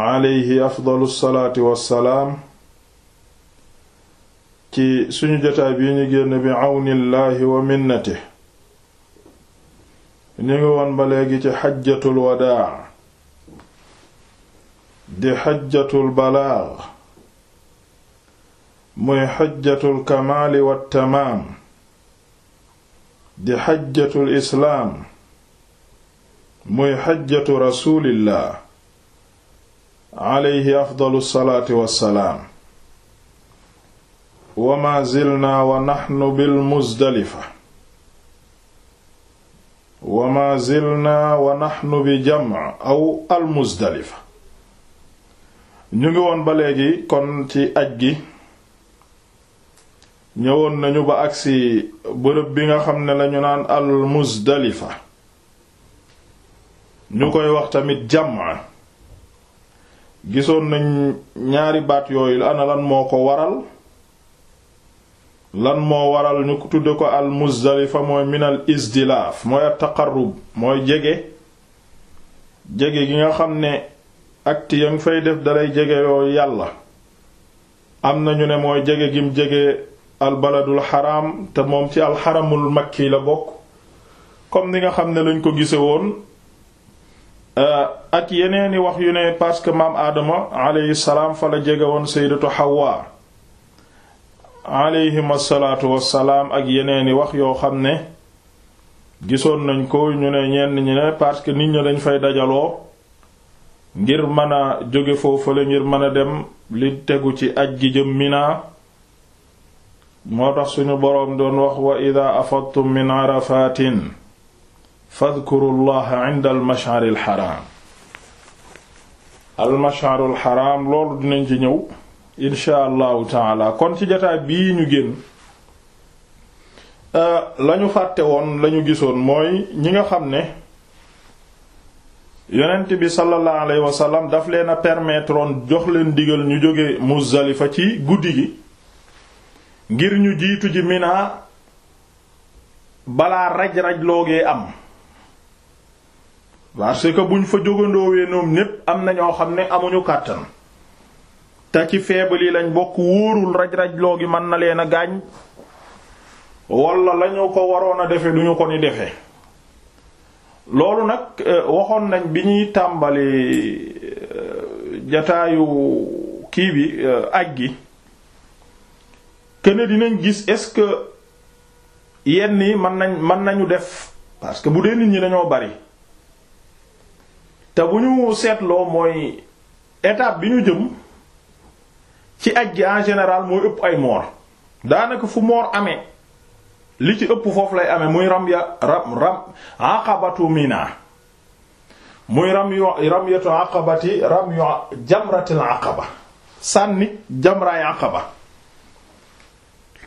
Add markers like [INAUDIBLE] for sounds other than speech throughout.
alayhi afdalu salaati wassalaam ci suñu jotaay bii ñu génn bi àwnillaahi wa minnati ñu ngi woon ba léegi ci xajjatul wadaa di xajjatul balaag muy xajjatul kamaali wa tamaam di xajjatul islaam muy xajjatu rasuulillah alayhi afdalu salaati wassalaam wa ma zilnaa wa naxnu bil muzdalifa wa ma bi jam aw al muzdalifa ñu ngi woon ba léegi kon ci aj gi ñëwoon nañu ba agsi bërëb bi nga xam ne lañu naan al muzdalifa ñu koy wax tamit jam gisoon nañ ñaari baat yooyu la ana lan moo ko waral lan moo waral ñu tudde ko al Muzdalifa mooy minal izdilaaf mooy at taqarrub mooy jege jege gi nga xam ne acte ya ngi fay def dalay jege yooyu yàlla am na ñu ne mooy jege gim jege al baladul te moom ci al mag makki la bokk comme ni nga xam ne lañ ko gise woon Euh, ak yeneeni wax yu ne parce que maam aadama alayhi salaam fa la jege woon sayyidatu Hawa alayhim asalaatu wassalaam ak yeneeni wax yoo xam ne gisoon nañ ko ñu ne ñenn ñi ne parce que nit ñi dañ fay dajaloo ngir mën a jóge foofu la ngir mën a dem li tegu ci aj gi jëm Mina moo tax suñu boroom doon wax wa ida afadtum min arafatin fadkuru llaha inda almashari alxaraam almashari alxaraam loolu dinañ ci ñëw insha allahu taala kon ci jataay bii ñu génn euh, lañu fàtte woon lañu gisoon mooy ñi nga xam ne yonent bi sallallahu alayhi wa sallam daf leen a permettre jox leen digal ñu jóge Muzdalifa ci guddi gi ngir ñu jiitu ji Mina balaa raj-raj loogee am parce que buñ fa jógandoowee noonu népp am na ñoo xam ne amuñu kàttan te ci feebal yi lañ bokk wóorul raj-raj loo gi mën na leen a gaañ wala lañu ko waroon a defe duñu ko ni defe loolu nag euh, waxoon nañ bi ñuy tàmbali euh, jataayu kii bi euh, aj gi kene dinañ gis est-ce que yenn yi mën nañ mën nañu def parce que bu dee nit ñi dañoo bari te bu ñu seetloo mooy étape bi ñu jëm ci aj gi en général mooy ëpp ay moor daanaka fu moor amee li ci ëpp foofu lay amee muy ram ya ram ram aqabatu mina muy ram yu ram yatu aqabati ram yu jamratil aqaba sànni jamraay aqaba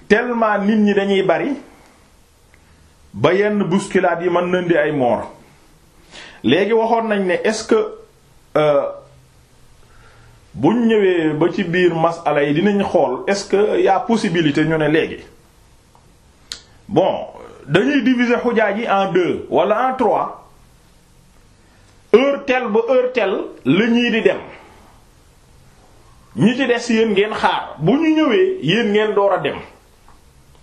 tellement nit ñi dañuy bari ba yenn bousculade yi mën nañ di ay moor léegi waxoon nañ ne est-ce que euh, buñ ñëwee ba ci biir masala yi dinañ xool est-ce que y a possibilité ñu ne léegi bon dañuy diviser xujaaj yi en deux wala en troit heure telle ba heure telle la ñii di dem ñi ci des yéen ngeen xaar bu ñu ñëwee yéen ngeen door a dem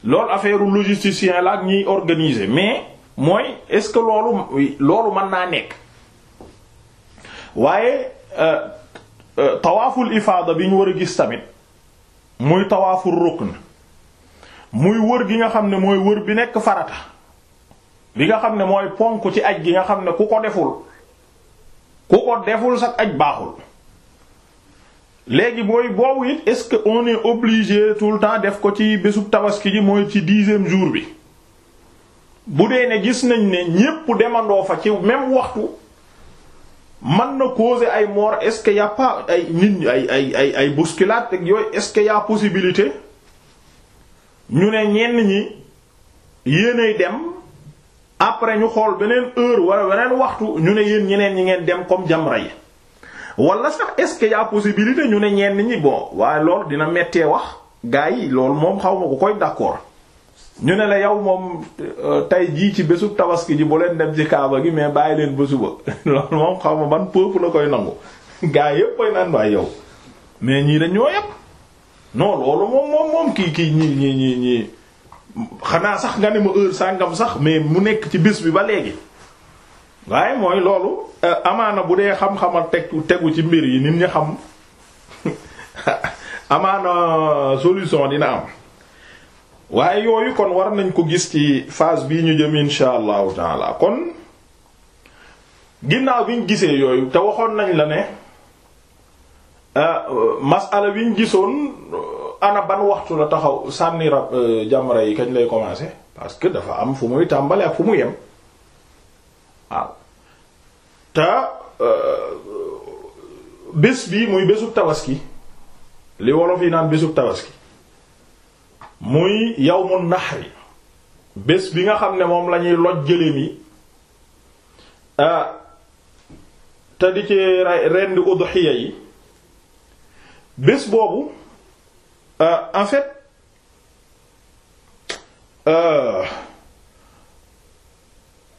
loolu affaire logisticien la ak ñiy organiser mais mooy est-ce que loolu loolu mën naa nekk waaye euh, euh, tawaaful ifaada bi ñu war a gis tamit muy tawaaful rukn muy wër gi nga xam ne mooy wër bi nekk farata bi nga xam ne mooy ponk ci aj gi nga xam ne ku ko deful ku ko deful sax aj baaxul léegi booy boobu it est-ce que on est obligé tout le temps def ko ci bésub tabaski ji mooy ci dixième jour bi bu dee ne gis nañ ne ñépp demandoo fa ci même waxtu mën na causer ay mort est-ce que y a pas ay nit ay ay ay ay bousculade ak yooyu est-ce que y possibilité ñu ne ñenn ñi yéenay dem après ñu xool beneen heure wala weneen waxtu ñu ne yéen ñeneen ñi ngeen dem comme jamra yi wala sax est-ce que y a possibilité ñu ne ñenn ñi bon waaye lool dina mettee wax gars yi loolu moom xaw ma ko koy d'accord. ñu ne la yow moom euh, tey jii ci bésu tabaski ji bu leen dem ci kaaba gi mais bàyyi leen ba suba [LAUGHS] loolu moom xaw ma ban peuple la koy nangu [LAUGHS] gaa yëpp koy naan waay yow mais ñii dañ ñoo yëpp non loolu moom moom kii kii ñii ñii ñii xanaa sax nga ne ma heure sàngam sax mais mu nekk ci bés bi ba léegi waaye mooy loolu euh, amaana bu dee xam-xama tegu tegu ci mbir yi nit ñi xam [LAUGHS] amaana solution dina am waaye yooyu kon war nañ ko gis ci phase bii ñu jëm insha allahu taala kon ginnaaw bi ñu gisee yooyu te waxoon nañ la ne euh, masala bi ñu gisoon euh, ana ban waxtu la taxaw sànni rab euh, jamra yi kañ lay commencer parce que dafa am fu muy tàmbalee ak fu mu yem waaw te bés bi muy bésu tabaski li wolof yi naan bésu tabaski muy yawmu naxri bés bi nga xam ne moom lañuy loj gëléem yi te di ci rendi udhiya bés boobu en fait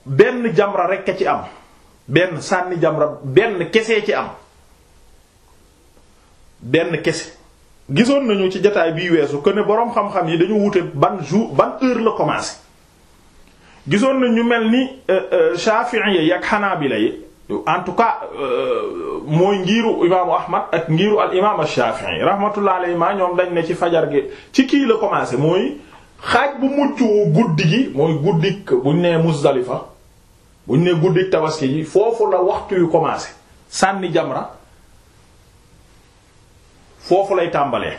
benn jamra rekk a ci am benn sànni jamra benn kese ci am benn kese gisoon nañu ci jataay bii weesu que ne boroom xam-xam yi dañu wute ban jour ban heure la commencé gisoon nañ ñu mel ni euh, euh, Shafi'i yi ak bila yi en tout cas euh, mooy ngiiru imaamu Ahmad ak ngiiru al imaam Shafi'i rahmatullah alayhi ma ñoom dañ ne ci fajar gi ci kii la commencé mooy xaaj bu muccoo guddi gi mooy guddik buñ nee Muzdalifa buñ nee guddik tabaski ji foofu la waxtu yu commencé sànni jamra foofu lay tàmbalee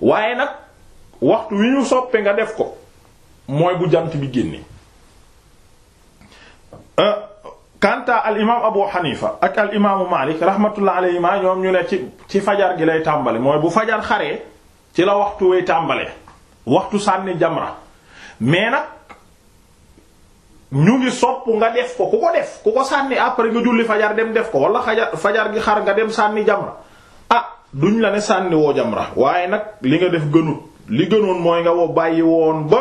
waaye nag waxtu wi ñu soppe nga def ko mooy bu jant bi génne kanta euh, al abu xanifa ak al imaamu malik rahmatullah alayhima ñoom ñu ne ci ci fajar gi lay tàmbale mooy bu fajar xaree ci la waxtu way tàmbalee waxtu sànni jamra mais nag ñu ngi sopp nga def ko ku ko def ku ko sànni après nga julli fajar dem def ko wala fajar gi xar nga dem sànni jamra ah, duñ la ne sànni woo ra waaye nag li nga def gënut li gënoon mooy nga woo bàyyi woon ba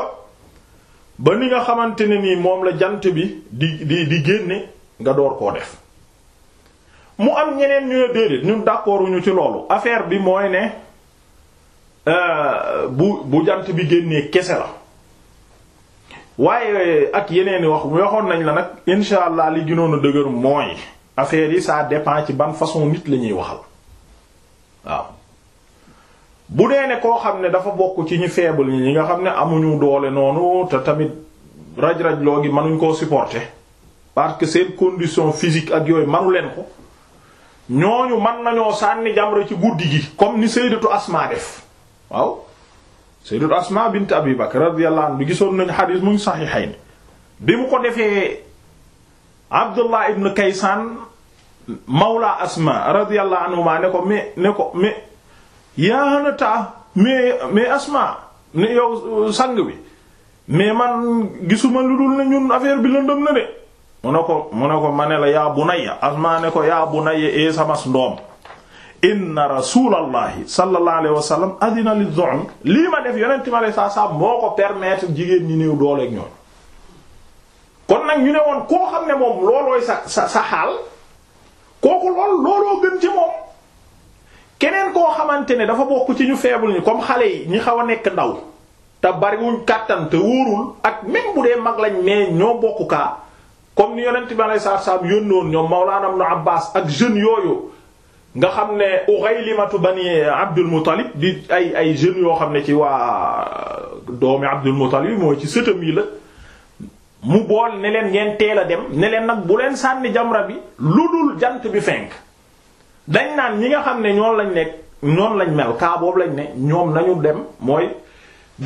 ba ni nga xamante ne nii moom la jant bi di di di génne nga door koo def mu am ñeneen ñu ne déedéet ñun d'accord ñu ci loolu affaire bi mooy ne euh, bu bu jant bi génnee kese la waaye ak yeneeni wax mu waxoon nañ la nag insha allah li gënoon a dëgër mooy affaire yi ça dépend ci ban façon nit lañuy ñuy waxal. waaw bu dee ne koo xam ne dafa bokk ci ñi faible ñi nga xam ne amuñu doole noonu te tamit raj-raj loo gi mënuñ koo supporter parce que seen condition physique ak yooyu manu leen ko ñooñu mën nañoo sànni jamra ci guddi gi comme ni sayyidatu Asma def waaw sayyidatu Asma bint Abi Bakr radiyallahu gisoon nañu xadiis mu ngi saxiixayni bi mu ko defee Abdullah ibn Kaysan mawla asma radiyallahu anhuma ne ko mais ne ko mais yaa na taa mais mais asma ne yow sang bi mais man gisuma lu dul ne ñun affaire bi lëndëm na de mu ne ko mu ko ma ne la yaa bunayya asma ne ko yaa bunayya ee samas ndoom inna rasulallahi sallallahu alayhi li zom lii ma def yonent ma lay saa saa moo ko permettre jigéen ñi néew dooleeg ñooñ kon nag ñu ne woon koo xam ne moom loolooy sa sa sa kooku lool looloo gën ci moom keneen koo xamante ne dafa bokk ci ñu feebul ñi comme xale yi ñi xaw a nekk ndaw te bariwuñ kàttan te wóorul ak même bu dee mag lañ mais ñoo bokk kaa comme ni yonent bi alayhi salaatu salaam yónnoon ñoom Mawlaana Ibn Abbaas ak jeunes yooyu nga xam ne Ughaylimatu bani Abdul Muttalib di ay ay jeunes yoo xam ne ci waa doomi Abdul Muttalib mooy ci sëtam yi la. mu bool ne leen ngeen teel a dem ne leen nag bu leen sànni jamra bi lu dul jant bi fenk dañ naan ñi nga xam ne ñoom lañ nekk ñoom lañ mel kaa boobu lañ ne ñoom nañu dem mooy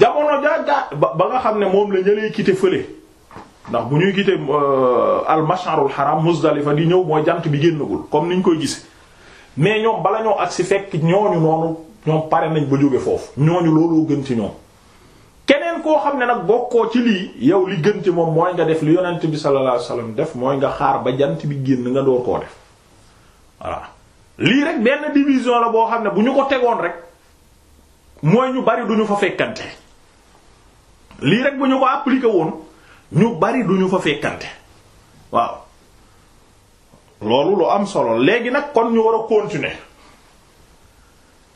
jamono jaaja ba nga xam ne moom lañ ñëlee quitté fële ndax bu ñuy quitté euh, al masharul haram Muzdalifa di ñëw mooy jant bi génnagul comme niñ koy gise mais ñoom bala ñoo si fekk ñooñu noonu ñoom pare nañ ba jóge foofu ñooñu looloo gën ci ñoom keneen koo xam ne nag bokkoo ci lii yow li gën ci moom mooy nga def li yonent bi sallallahu alayhi wasallam def mooy nga xaar ba jant bi génn nga door koo def voilà lii rek benn division la boo xam ne bu ñu ko tegoon rek mooy ñu bari duñu fa fekkante lii rek bu ñu ko appliqué woon ñu bari duñu fa fekkante waaw loolu lu am solo léegi nag kon ñu war a continuer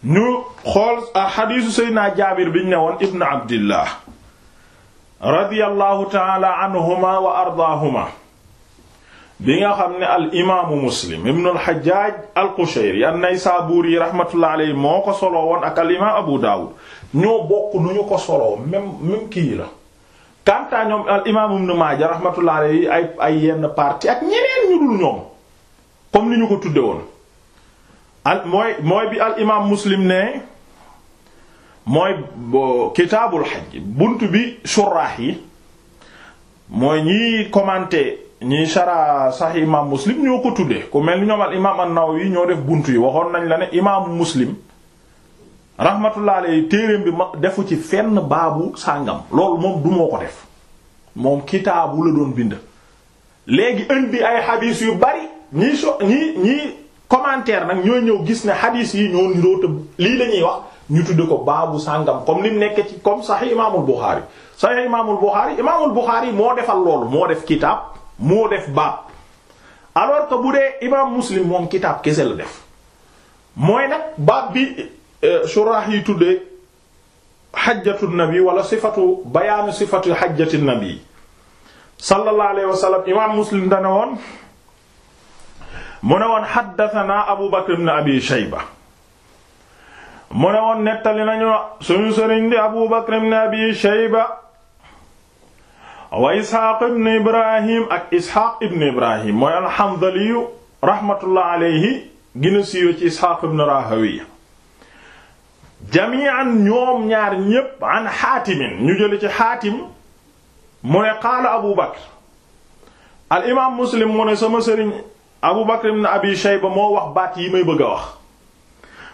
ñu xool ah, xadiisu seydna jaabir biñ ne woon ibn abdillah radiyallahu taala wa ardaahuma bi nga xam ne al imaamu muslim ibn al xajjaaj al qushayri an naysaabuuri raxmatullahi alayhi moo ko soloo woon ak al abu daawud ñoo bokk nu ñu ko soloo même kii la kantaa ñoom al imaamu ibn maaja raxmatullahi ay yenn parti ak ñeneen ñu dul ñoom comme ni ñu ko tudde woon al mooy mooy bi al imaam muslim ne mooy kitaabul xaj bunt bi suraax yi mooy ñiy commenter ñiy shara sax imaam muslim ñoo ko tuddee ku mel ni ñoom al imaam an-Nawawi ñoo def bunt yi waxoon nañ la ne imaamu muslim rahmatullah alayhi téereem bi ma defu ci fenn baabu sàngam loolu moom du ko def moom kitaabu la doon bind léegi indi ay xadiis yu bari ñi so ñi ñi commentaire nag ñooy ñëw gis ne hadith yi ñoo niroo te lii la ñuy wax ñu tudde ko baabu sàngam comme ni nekkee nekk ci comme Sahih Imaamul Bukhari Sahih Imaamul Bukhari Imaamul Bukhari moo defal loolu moo def kitaab moo def baab alors que bu dee Imaam Muslim moom kitaab kese la def mooy nag baab bi euh, surah yi tuddee xajjatu nabi wala sifatu bayaanu sifatu xajjati nabi sallallahu alayhi wa sallam Imaam Muslim dana woon. mu won woon xaddatanaa abu bakr ibn abi shayba mu ne woon nettali nañu suñu sëriñ di abu bakr ibn abi shayba wa isxaaq ibn ibrahim ak isxaaq ibn ibrahim mooy alxamdaliyu rahmatullah alayhi gina ci isxaaq ibn rahawiya jamian ñoom ñaar ñépp an xaatimin ñu jële ci xaatim mu ne abu bakr al imaam muslim mu ne sama sëriñ Abu Bakr ibn Abi Shayba moo wax baat yi may bëgg a wax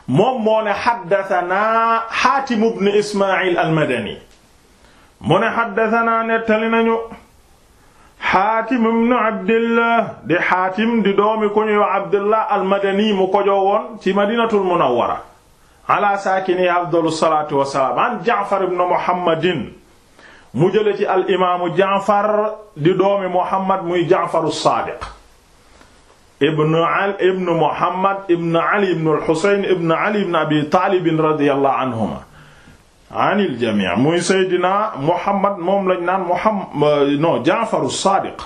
moom moo ne xaddatanaa Xaatim ibn Ismaayil al-Madani mu ne xaddatanaa nettali nañu Xaatim ibn Abdillah di Xaatim di doomi ku ñuy Abdillah al-Madani mu kojoo woon ci Madinatul Munawwara ala saakini afdalu salaatu wa salaam an Muhammadin mu jële al imaamu Jaafar di doomi Muhammad muy Jaafaru Saadiq ibn al ibn Muhammad ibn Ali ibn al-Husayn ibn Ali ibn Abi Taalib radiyallahu anhuma anil jamii muy Seydina Muhammad moom lañ naan Muhammad euh, non Jaafar as-Saadiq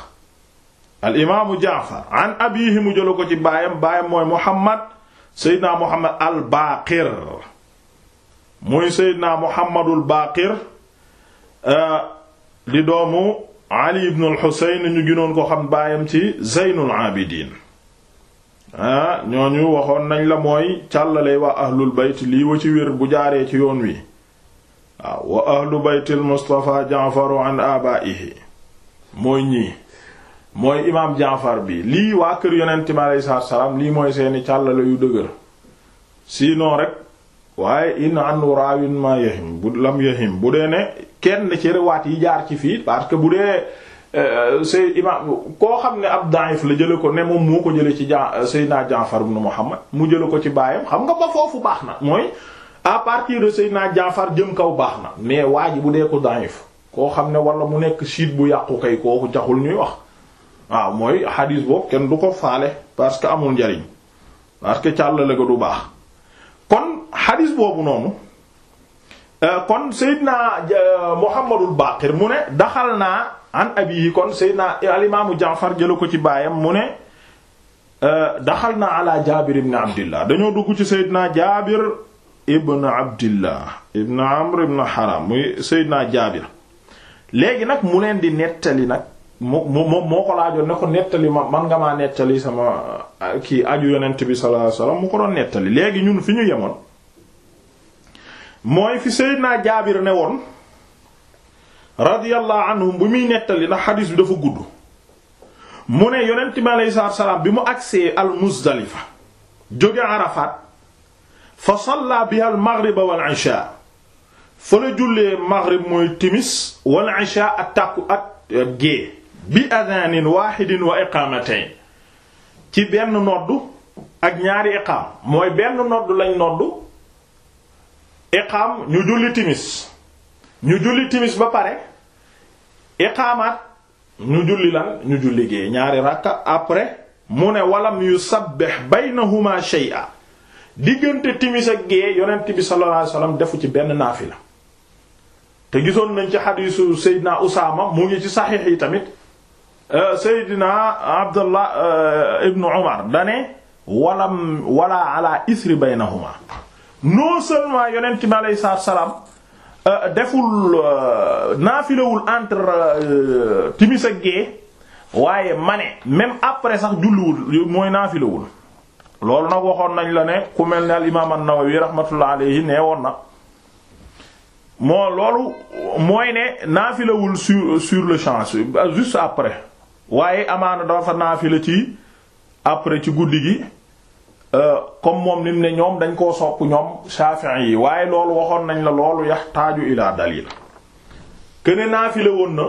al imaamu Jaafar an abiihi mu jëlu ko ci baayam baayam mooy Muhammad Seydina Muhammad al-Baaqir muy Seydina Muhammadul Baaqir euh, di doomu Ali ibn al-Husayn ñu gënoon ko xam baayam ci Zeynul Aabidiin ñoo ah, ñooñu waxoon nañ la mooy càllale waa ahlul bayt lii ci wér bu jaaree ci yoon wi waaw ah, wa ahlu baytil mustafa jaafaru an abaihi mooy ñii mooy imaam jaafar bi lii waa kër yonent mi aleyhi salaatu lii mooy seeni càllale yu dëgër sinon rek waaye in an raawin ma yahim bu dee ne kenn ci riwaat yi jaar ci fii parce que bu dee Euh, say imam koo xam ne ab daif la jële ko ne moom moo ko jële ci ja euh, Seydina Jaafar ibn Muhammad mu jële ko ci baayam xam nga ba foofu baax na mooy à partir de naa Jaafar jëm kaw baax na mais waa bu dee ko daif koo xam ne wala mu nekk siit bu yàqu kay kooku jaxul ñuy wax waaw mooy xadiis boobu kenn du ko faale parce que amul njariñ parce que càllale ko du baax kon xadiis boobu noonu euh, kon Seydina Muhammadul Baqir mu ne daxal naa an yii kon sayyidina alimaamu jaafar jëla ko ci baayam mu ne euh, daxal naa ala jaabir ibn abdillah dañoo dugg ci sayyidina jaabir ibn abdillah ibn amr ibn haram muy sayyidina jaabir léegi nag mu leen di nettali nag mu moo ko laajoon ne ko nettali ma man nga maa nettali sama kii aju yonent bi sallallahu mu ko doon nettali léegi ñun fi ñu yemoon mooy fi sayyidina jaabir ne woon radiyallahu anhum bu muy nettali ndax xadiis bi dafa gudd mu ne yonent bi aleyhi salaatu salaam bi mu agsee al Muzdalifa jóge Arafat fa salla biha al maghrib wal isha fa la jullee maghrib mooy timis wal isha ak tàkku ak eh, gée bi adaanin waahidin wa iqaamatayn ci benn noddu ak ñaari iqaam mooy benn noddu lañ noddu iqaam ñu julli timis ñu julli timis ba pare iqaamaat ñu julli lan ñu julli gee ñaari ràkka après mu ne walam yu sabbih baynahuma shay'a diggante timis ak gee yonent bi sallallahu alayhi defu ci benn naafila te gisoon nañ ci xadiisu Seydina Usaama mu ngi ci saxiix yi tamit euh, Seydina Abdullah euh, ibnu Umar dane walam wala ala isri baynahuma non seulement yonent bi alayhi salaam Euh, deful euh, naafilawul entre euh, timis ak gée waaye ma ne même après sax julliwul mooy naafilawul loolu nag waxoon nañ la ne ku mel ne al imaam an-Nawawi rahmatullah alayhi nee woon na moo loolu mooy ne naafilawul sur sur le champ juste après waaye amaana dafa naafila ci après ci guddi gi Euh, comme moom lim ne ñoom dañ koo sopp ñoom Shafi'i yi waaye loolu waxoon nañ la loolu yaxtaaju ilaa dalil kene naafile woon na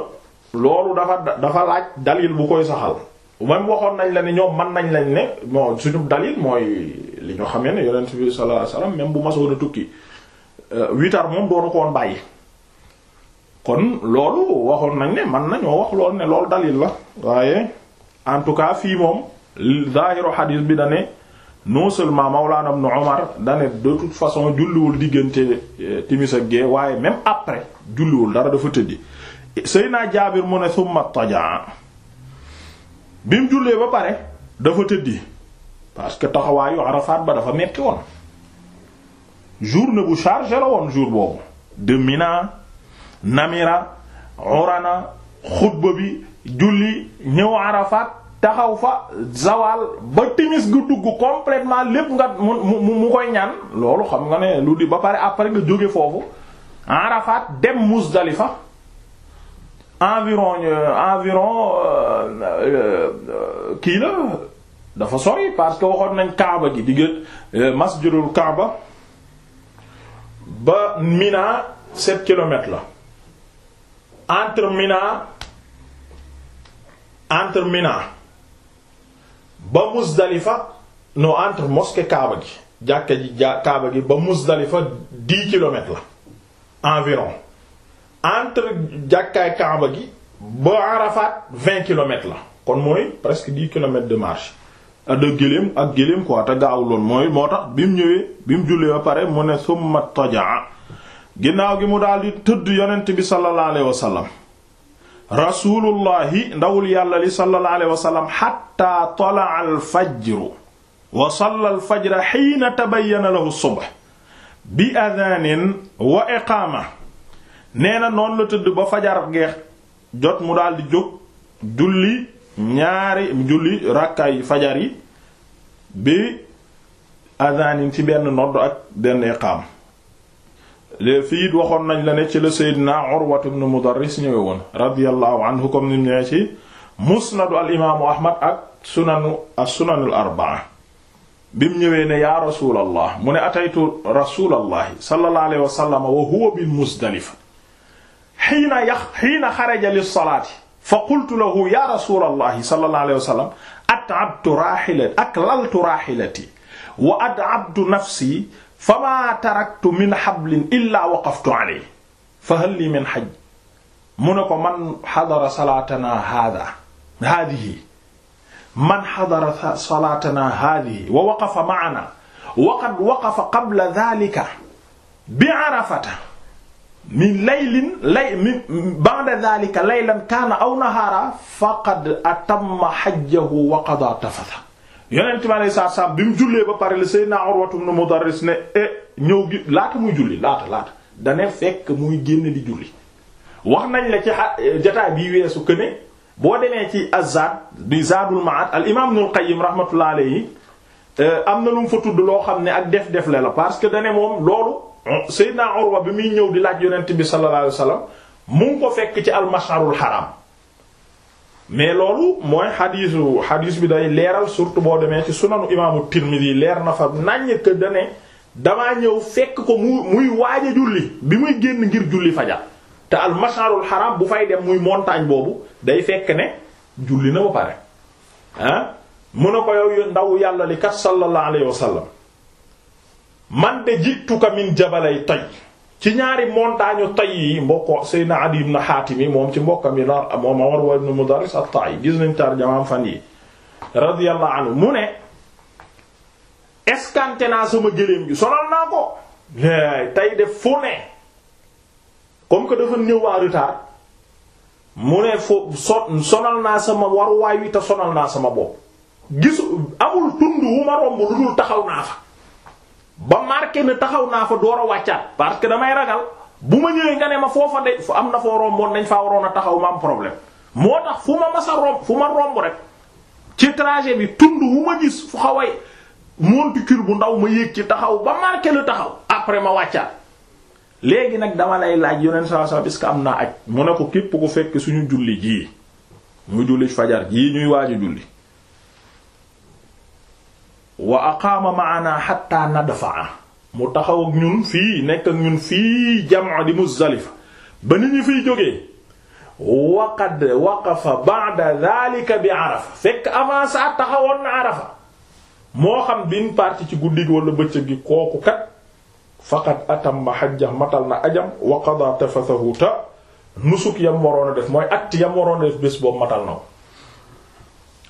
loolu dafa dafa laaj dalil bu koy saxal man waxoon nañ la ne ñoom man nañ lañ ne moo suñu dalil mooy li ñu xamee ne yonent bi sallallahu alayhi wasallam même bu masoon a tukki witar euh, moom doonu ko woon bàyyi kon loolu waxoon nañ ne man nañoo wax loolu ne loolu dalil la waaye en tout cas fii moom zaahiru xadiis bi da ne non seulement Mawlana Ibn Umar dane de toute façon julliwul diggante eh, timis ak waaye même après julliwul dara dafa tëddi Seydina Jaabir mu ne summa tajaa bi mu jullee ba pare dafa tëddi parce que taxawaayu Arafat ba dafa metti woon journée bu chargé la woon jour boobu de Namira Urana xutba bi julli ñëw Arafat taxaw fa zawal ba timis nga dugg complètement lépp nga mu mu mu koy ñaan loolu xam nga ne lu di ba pare après nga jóge foofu Arafat dem Muzdalifa environ euh, environ euh, euh, kii la dafa sori parce que waxoon nañ Kaaba gi diggante masjidul Kaaba ba Mina sept kilomètres la entre Mina entre Mina ba Muzdalifa non entre mosquée Kaaba gi jàkka ji Kaaba gi ba Muzdalifa dix kilomètres la environ entre jàkkaay Kaaba gi ba Arafat vingt kilomètres la kon mooy presque dix kilomètres de marche ada ah, géléem ak géléem quoi te mooy moo tax bi mu ñëwee bi mu jullee ba pare mu ne summa tojaa ginnaaw gi mu daal di tëdd yonent bi sallallahu alayhi wa sallam rasulullahi ndawul yàlla li sallallahu alayhi wa sallam xatta tala'a alfajru wa salla alfajra xiina tabayyana lahu subh bi adaanin wa iqaama nee na noonu la tëdd ba fajar geex jot mu daal di jóg julli ñaari julli rakkaay fajar bi adaanin ci benn nodd ak benn iqaama le fii waxoon nañ la ne ci la Seydina Urwa ibn Mudarris ñëwee woon radiyallahu anhu comme ni mu ñëwee ci musnadu al imaamu Ahmad ak sunanu as sunanul arbaa bi mu ñëwee ne yaa rasulallah mu ne ataytu rasulallahi sallallahu alayhi wa sallam wa huwa bi Muzdalifa xiina yax xiina xaraja li salaati fa qultu lahu yaa rasulallahi sallallahu alayhi wa sallam at'abtu raahilati aklaltu raahilati wa at'abtu nafsi famaa taraktu min hablin illaa waqaftu alayhi fa hal lii min hajj mu ne ko man xadara salaatanaa haadaa haadihi man xadara salaatanaa haadihi wa waqafa ma'anaa wa qad waqafa qabla dhaalika bi Arafata min laylin lay min ba'da dhaalika laylan kaana aw nahaaran faqad atamma hajjahu wa qadaa tafathahu yonent bi alayhi salaatu salaam bi mu jullee ba pare la Seydina Urwatu na Mudarris ne eh ñëw bi laata muy julli laata laata dane fekk muy génn di julli wax nañ la ci eh, jotaay bii weesu këne boo demee ci Azad di Zadul Ma'ad al imaam Ibnul Qayyim rahmatullahi alayhi eh, am na lu mu fa tudd loo xam ne ak def-def la la parce que dane moom loolu Seydina Urwa bi muy ñëw di laaj yonent bi sallallahu alayhi wasallam mu ko fekk ci al Haram mais loolu mooy xadiisu xadiis bi day leeral surtout boo demee ci sunanu imaamu Tirmidhi leer na fa naññ que dane damaa ñëw fekk ko mu muy waaj a julli bi muy génn ngir julli fajar te al masharul haram bu fay dem muy montagne boobu day fekk ne julli na ba pare ah mu ne ko yow ndaw yàlla li kat sallallahu alayhi wa sallam man de jituka min jabalay tay ci ñaari montagne tay yi mbokk Seydina Adi ibn Hatim yi moom ci mbokkam yi la moom Urwa ibn Mudarris at-Ta'i gis nañ tarjamaam fan yi radiyallahu anhu mu ne escanté naa sama gëléem gi sonal naa ko tay def fu ne comme que dafa ñëw waa retard mu ne so sonal naa sama waruwaay wi te sonal naa sama bopp gisu amul tund wu ma lu dul taxaw naa fa ba marke ne taxaw naa fa door a wàccaat parce que damay ragal bu ma ñëwee nga ne ma foofa de fu am na foo romboon dañ faa waroon a taxaw ma am problème moo tax fu ma mas a romb fu ma romb rek ci trajet bi tund wu ma gis fu xaway monticule bu ndaw ma yéeg ci taxaw ba marqué le taxaw après ma wàccaat léegi nag dama lay laaj yoneen saa saa bis que am naa aj mu ne ko képp ku fekk suñu julli jii mu julli fajar jii ñuy waaju julli wa aqaama maana xatta nadfaa mu taxaw ak ñun fii nekk ak ñun fii jamaa di Muzdalifa ba nit ñi fiy jógee waqad waqafa ba'da dhalika bi Arafa fekk avant taxawoon na Arafa moo xam bin partie ci guddi gi wala bëccëg gi kooku kat ma atamma hajja matal na ajam wa qada tafathahu ta nusuk yam waroon a def mooy at yam waroon a def bés boobu matal na ko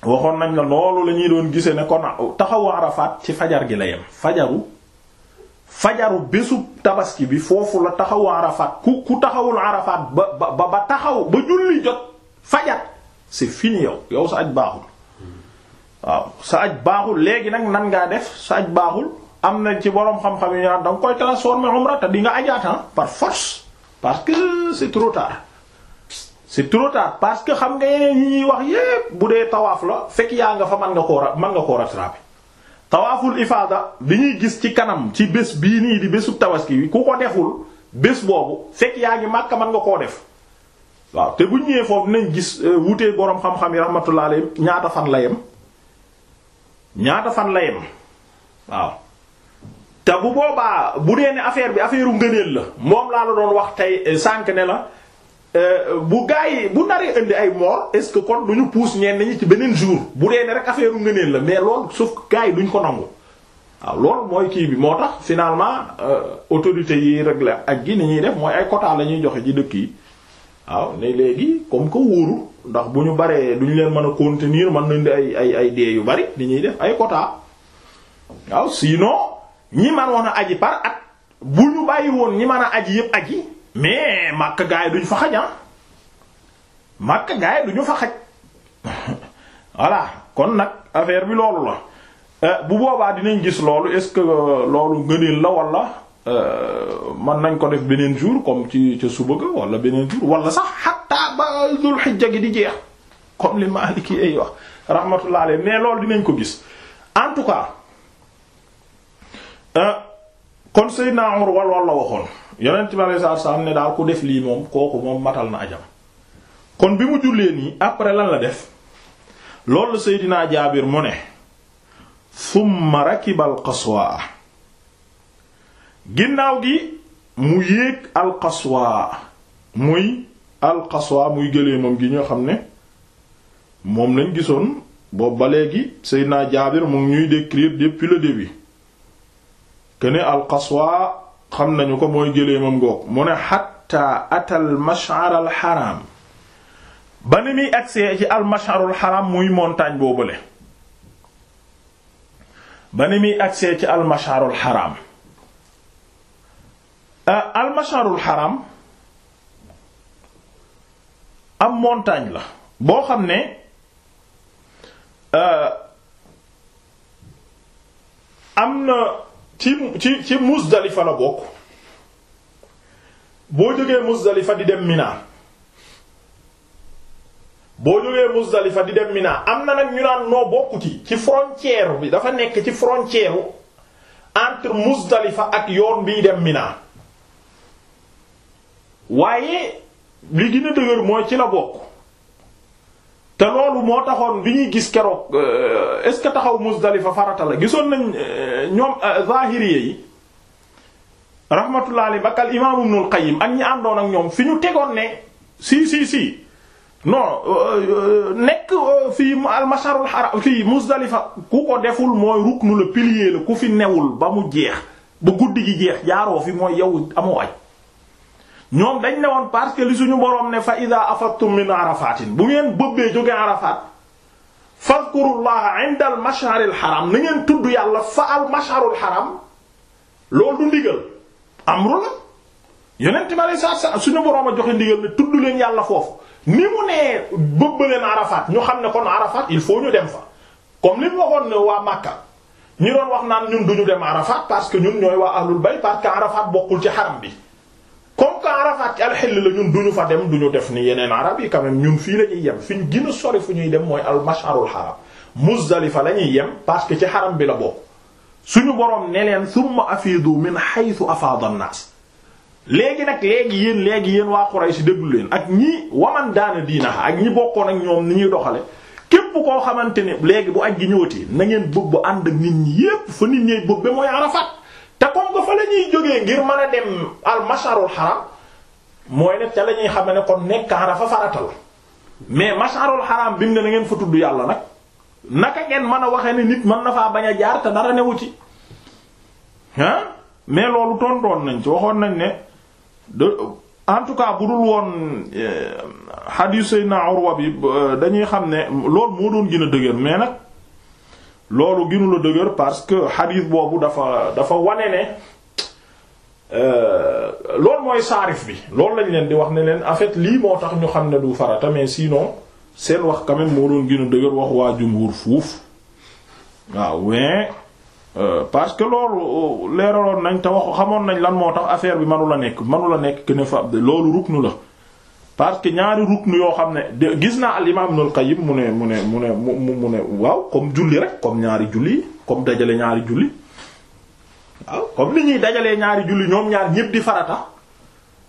waxoon nañ la loolu la ñuy doon gisee ne kon taxawu Arafat ci fajar gi la yem fajaru fajaru bésu tabaski bi foofu la taxawu Arafat ku ku taxawul Arafat ba ba ba taxaw ba julli jot fajar si fini yow yow sa aj baaxul waaw sa aj baaxul léegi nag nan ngaa def sa aj baaxul am na ci boroom xam-xam yi ñu naan da nga koy transformer umra te di nga ajaat ah, par force parce que c'est trop tard. c'est trop tard parce que xam nga yeneen yi ñuy wax yépp bu dee tawaaf la fekk yaa nga fa man nga koo mën nga koo rattraper tawaaful ifaada bi ñuy gis ci kanam ci bés bii nii di bésu tabaski bi ku ko deful bés boobu fekk yaa ngi Makka man nga koo def waaw te bu ñëwee foofu nañ gis euh, wutee boroom xam-xam yi rahmatullah alayhi ñaata fan la yem ñaata fan la yem waaw te bu boobaa bu dee ne affaire bi affaire u ngëneel la moom laa la doon wax tey euh, sànk ne la. Euh, bu gaa yi bu naree indi ay moor est-ce que kon du ñu pousse ñenn ñi ci beneen jour bu dee ne rek affaire nga ngëneel la mais loolu sauf que gaa duñ ko nangu waaw loolu mooy kii bi moo tax finalement euh, autorités yi réglé ak gi ni ñuy def mooy ay quotas la ñuy joxe ci dëkk yi waaw ne léegi comme que wóoru ndax bu ñu baree duñu leen mën a contenir mën nañ di ay ay ay dee yu bari ni ñuy def ay quotas waaw sinon ñi manoon a aj yi par at bu ñu bàyyi woon ñi mën a aji yépp aji mais Makka gaay duñ fa xaj ah Makka gaay ñu fa xaj [LAUGHS] voilà kon nag affaire bi loolu la euh, bu boobaa dinañ gis loolu est-ce que euh, loolu ngëneel la wala euh, man nañ ko def beneen jour comme ci ci suba ga wala beneen jour wala sax xatta ba dul xijja gi di jeex comme li Maliki ay wax rahmatullah alayhi mais loolu dinañ ko gis en tout cas kon Seydina Umar wal wal la waxoon yonent bi alayhi salaatu salaam ne daal ku def lii moom kooku moom matal na ajam kon bi mu jullee nii après la def loolu Seydina Jaabir mu ne summa rakiba alqaswa ginnaaw gi mu yéeg alqaswa muy alqaswa muy gëléemam gi ñoo xam ne moom lañ gisoon boobu ba léegi Seydina Jaabir mu ngi ñuy décrire depuis le début que ne xam nañu ko mooy géléemam ngoog mu ne xatta atal mash'ar al xaraam ba ni muy agsee ci al mash'arul xaraam muy montagne boobule ba ni muy agsee ci al mash'arul xaraam euh, al mash'arul xaraam am montagne la boo xam ne euh, am na ci ci ci Muzdalifa la bokk boo jógee Muzdalifa di dem Mina boo jógee Muzdalifa di dem Mina am na nag ñu naan noo bokku ci ci frontière bi dafa nekk ci frontière entre Muzdalifa ak yoon biy dem Mina waaye li gën a dëgër mooy ci la bokk te loolu moo taxoon bi ñuy gis keroog euh, est-ce que taxaw Muzdalifa farata la gisoon nañ euh, ñoom euh, zahiriye yi rahmatullahi alayhi bakal imam Ibn ak ñi àndoon ak ñoom fi ñu tegoon ne si si si non nekk fii al-masharul haram fii Muzdalifa ku ko deful mooy ruknu la pilier la ku fi newul ba mu jeex ba guddi gi jeex yaaroo fi mooy yow amoo aj ñoom dañ ne woon parce que li suñu boroom ne fa ida afattum min arafatin bu ngeen bëbbee jóge arafat fadkurullaha inda al mash'aril haram na ngeen tudd yàlla fa al mash'arul haram loolu du ndigal amru la yonent ma sa suñu boroom a joxe ndigal ne tudd leen yàlla foofu ni mu nee bëbb leen arafat ñu xam ne kon arafat il faut ñu dem fa comme li mu waxoon ne waa Makka ñi doon wax naan ñun du ñu dem arafat parce que ñun ñooy waa ahlul bayt parce que arafat bokkul ci haram bi comme que ci alxel la ñun duñu fa dem duñu def ni yeneen arab yi quand même ñun fii la ñuy yem fi ñu gën a sori fu ñuy dem mooy al mash'arul haram Muzdalifa la ñuy yem parce que ci xaram bi la bokk suñu borom ne leen thumma afidu min haythu afada an-nas léegi nag léegi yéen léegi yéen waa Quraysh déglu leen ak ñii waman daana diina ak ñi bokkoon ak ñoom ni ñuy doxale képp koo xamante ne léegi bu aj gi ñëwati na ngeen bëgg ànd ak nit ñi yépp fa nit ñey te comme que fa la ñuy jógee ngir mën a dem al masharul haram mooy ne ca la ñuy xam ne kon nekk Arafa farata la mais masharul haram bi mu ne na ngeen fa tudd yàlla nag naka ngeen mën a waxee ne nit mën na faa bañ a jaar te dara ne wuti ah mais loolu tontoon nañ ci waxoon nañ ne de en tout cas bu dul woon euh, hadith Seydina Urwa bi euh, dañuy xam ne loolu moo doon gën a dëgër mais nag. loolu gënu la dëgër parce que xadiis boobu dafa dafa wane ne euh, loolu mooy saarif bi loolu lañ leen di wax ne leen en fait lii moo tax ñu xam ne du farata mais sinon seen wax quand même moo doon gënu dëgër wax waa jumhur fuuf waaw mais euh, parce que loolu euh, leeraloon nañ te wax xamoon nañ lan moo tax affaire bi mënu la nekk mënu la nekk que ne fa loolu ruknu la. parce que ñaari rukn yoo xam ne gis naa al imaam Ibnul Qayyim mu ne mu ne mu ne mu mu ne waaw comme julli rek comme ñaari julli comme dajale ñaari julli waaw comme ñuy dajalee ñaari julli ñoom ñaar ñépp di farata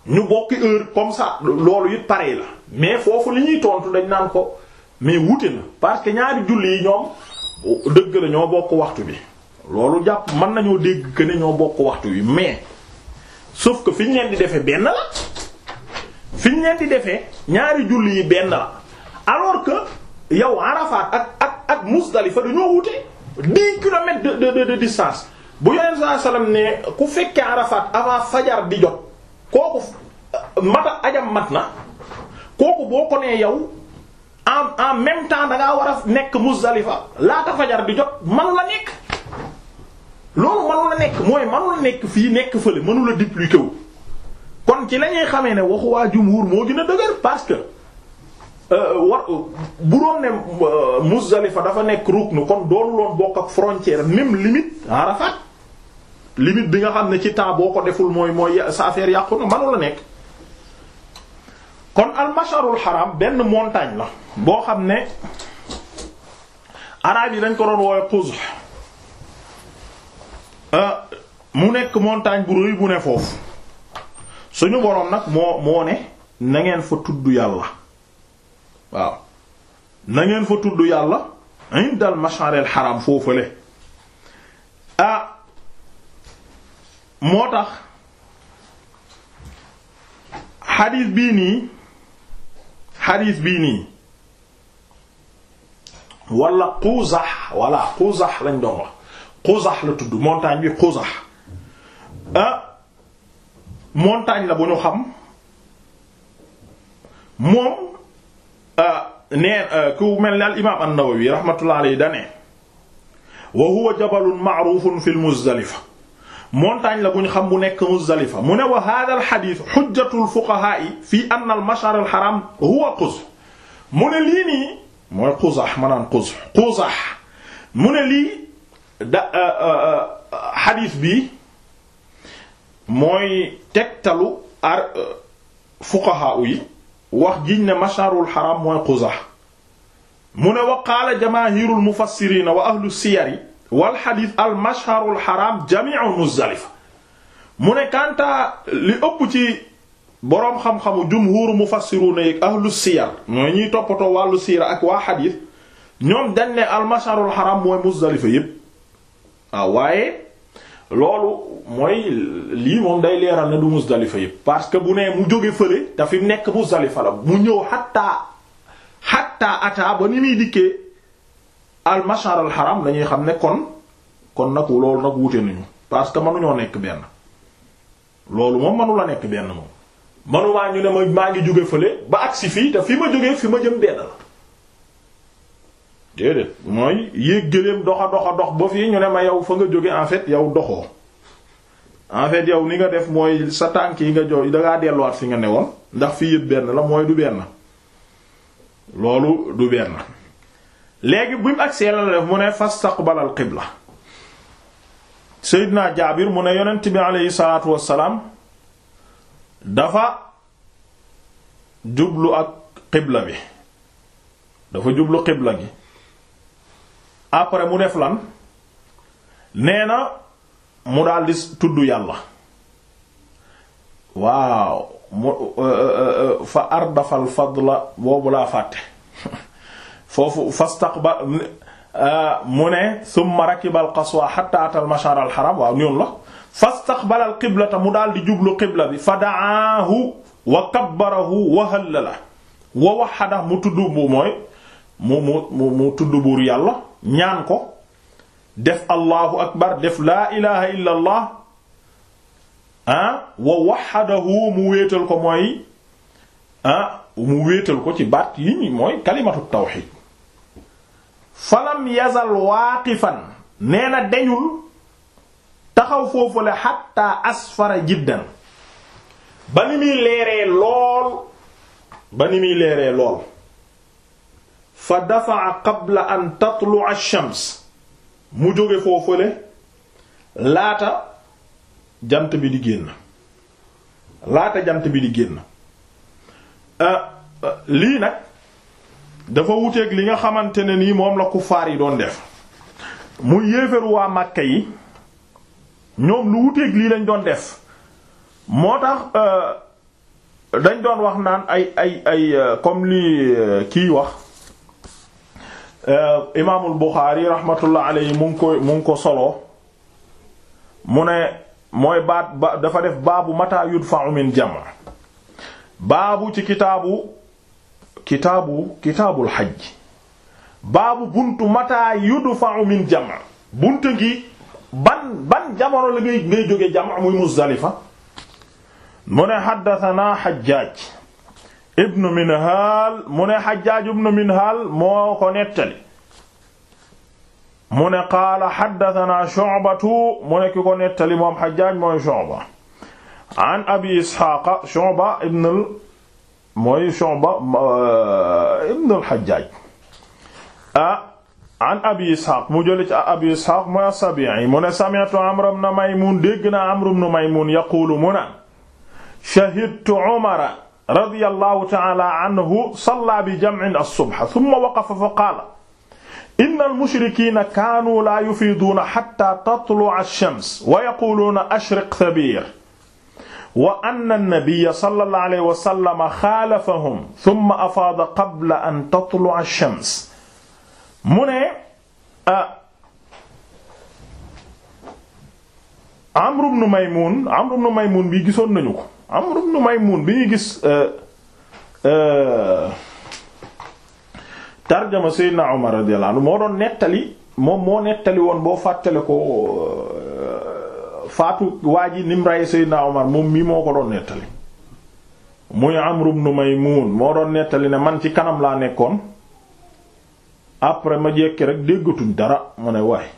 ñu bokki heure comme ça loolu it pare la mais foofu li ñuy tontu dañ naan ko mais wuute na parce que ñaari julli yi ñoom dëgg la ñoo bokk waxtu bi loolu jàpp mën nañoo dégg que ne ñoo bokk waxtu bi mais sauf ko fi ñu leen di defee benn la. fi ñu leen di defee ñaari julli yi benn la alors que yow Arafat ak ak ak Muzdalifa dañoo wute dix kilomètres de de de distance bu yonent saa salaam ne ku fekkee Arafat avant fajar di jot kooku mata ajam mat na kooku boo ko nee yow en en même temps da ngaa war a nekk Muzdalifa laata fajar di jot man la nekk loolu manu la nekk mooy manu la nekk fii nekk fële mënu la dupliquer wu. kon ci la ñuy xamee ne waxu waa jumhur moo gën a dëgër parce que euh, war bu doon ne euh, Muzdalifa dafa nekk ruknu kon doonuloon bokk ak frontière même limite Arafat limite bi nga xam ne ci temps boo ko deful mooy mooy sa affaire yàqu na nekk kon almasharul haram benn montagne la boo xam ne araab yi dañ ko doon woowe Quzh euh, mu nekk montagne bu rëy bu ne foofu suñu boroom nag moo moo ne na fa tudd yàlla waaw nangeen ngeen fa tudd yàlla indal mash'aril foofu foofale a moo tax xadiis bii nii xadiis bii nii wala Quzax walla Quzax lañ doon wax Quzax la tudd montagne bi Quzax montagne la bu ñu xam moom euh, nee euh, ku mel ni al imaam an-Nawawi rahmatullah alayhi dane wa huwa jabalun ma'rufun fil Muzdalifa montagne la bu ñu xam bu nekk Muzdalifa mu ne wa hadha al-hadith hujjatul fuqaha'i fi anna al-mash'ar al-haram huwa Quzh mu ne lii nii mooy Quzah ma naan Quzh Quzah mu ne lii da euh, hadith bi mooy tegtalu ar euh, fuqahaa yi wax jiñ ne masharul haram mooy Quzah mu ne wa qaala jamaahirul mufassiriina wa ahlu siyari wal hadith al masharul haram jami'u Muzdalifa mu ne kanta li ëpp ci boroom xam-xamu jumhuur mufassiruuna yi ahlu siyar mooy ñuy toppatoo wàllu siira ak waa hadith ñoom dañ ne al masharul haram mooy Muzdalifa yépp waaw ah, waaye loolu mooy lii moom day leeral na du Muzdalifa yëpp parce que bu nee mu jógee fële te fi mu nekk Muzdalifa la mu ñëw xattaa xattaa ataa ba ni muy dikkee al mashar haram dañuy xam ne kon kon nag loolu nag wute nañu parce que mënuñoo nekk benn loolu moom mënu nekk benn moom mënumaa ñu ne ma maa ngi jóge fële ba si fii te fi ma jógee fi ma jëm benn la déedéet mooy yéeg gëléem doxa doxa dox ba fii ñu ne ma yow fa nga jóge en fait yow doxoo en fait ni nga def mooy sa tànk yi nga jox dangaa delluwaat fi nga newoon ndax fii yëpp benn la mooy du benn loolu du benn léegi bi mu agsee la def mu ne fastaqbalal qibla Seydina Jaabir mu ne yonent bi aleyhi dafa jublu ak qibla bi dafa jublu qibla gi après mu def lan nee na mu daal di tudd yàlla waaw mu euh, euh, euh, fa ardafal fadla boobu laa fàtte [LAUGHS] foofu fastaqbal mu ne summa rakibal qaswa hatta atal mashar al haram waaw ñoonu la fastaqbala al qiblata mu daal di jublu qibla bi fa da'ahu wa kabbarahu wa hallala wa wahhada mu tudd bu mooy mu mu tudd buur yàlla ñaan ko def allahu akbar def laa ilaha illa allah ah wa wahadahu mu wéetal ko mooy ah mu wéetal ko ci baat yi ñi mooy kalimatu tawxid falam yazal waaqifan nee na deñul taxaw foofu foofule xatta asfara jiddan ba ni muy leeree lool ba ni muy leeree lool fa dafa'a qabla an tatlu'a shams mu jóge foofale laata jant bi di génn laata jant bi di génn euh, euh, lii nag dafa wuteeg li nga xamante ne nii moom la kuffaar yi doon def mu yéefaru waa Màkka yi ñoom lu wuteeg lii dañ doon def moo tax euh, dañ doon wax naan ay ay ay comme li kii wax Euh, imaamul Buxaari rahmatullah alayhi mu ngi mu ngi ko solo mu mooy baat ba def baabu mata yudfa'u min jama baabu ci kitaabu kitaabu kitaabul xaj baabu buntu mata yudfa'u min jama buntu ngi ban ban jamono la ngay ngay jóge jama muy Muzdalifa mu haddathana Hajjaaj ibnu minhaal mu ne xajjaaj ibnu minhaal moo ko nettali mu ne qaala xaddatanaa Shu'batu mu ne ki ko nettali moom xajjaaj mooy Shu'ba an abi isxaaqa Shu'ba ibnul mooy Shu'ba euh, ibnul xajjaaj ah an abi isxaaq mu jële ci abi isxaaq mooy as-Sabi'i mu ne sami'tu Amr ibn Maymuun dégg naa Amr ibn Maymuun yaquulu mu na shahidtu Umara radiyallahu ta'ala anhu salla bi jam'in as-subha thumma waqafa fa qaala inna al-mushrikiina kaanuu laa yufiiduuna hattaa tatlu'a ash-shams wa yaquuluuna ashriq thabiir wa anna an-nabiyya sallallahu alayhi wa sallam xaalafahum thumma afaada qabla an tatlu'a ash-shams mu ne Amr ibn Maymuun Amr ibn Maymuun bi gisoon nañu ko Amr ibn Maymun bi ñuy gis euh, euh, tarjama Seydina Omar radiyallahu anhu moo doon nettali moom moo nettali woon boo fàttale ko euh, faatu waa ji nim raye Seydina Omar moom mii moo ko doon nettali muy Amr ibn Maymun moo doon nettali ne man ci kanam laa nekkoon après ma jekki rek déggatuñ dara mu ne waaye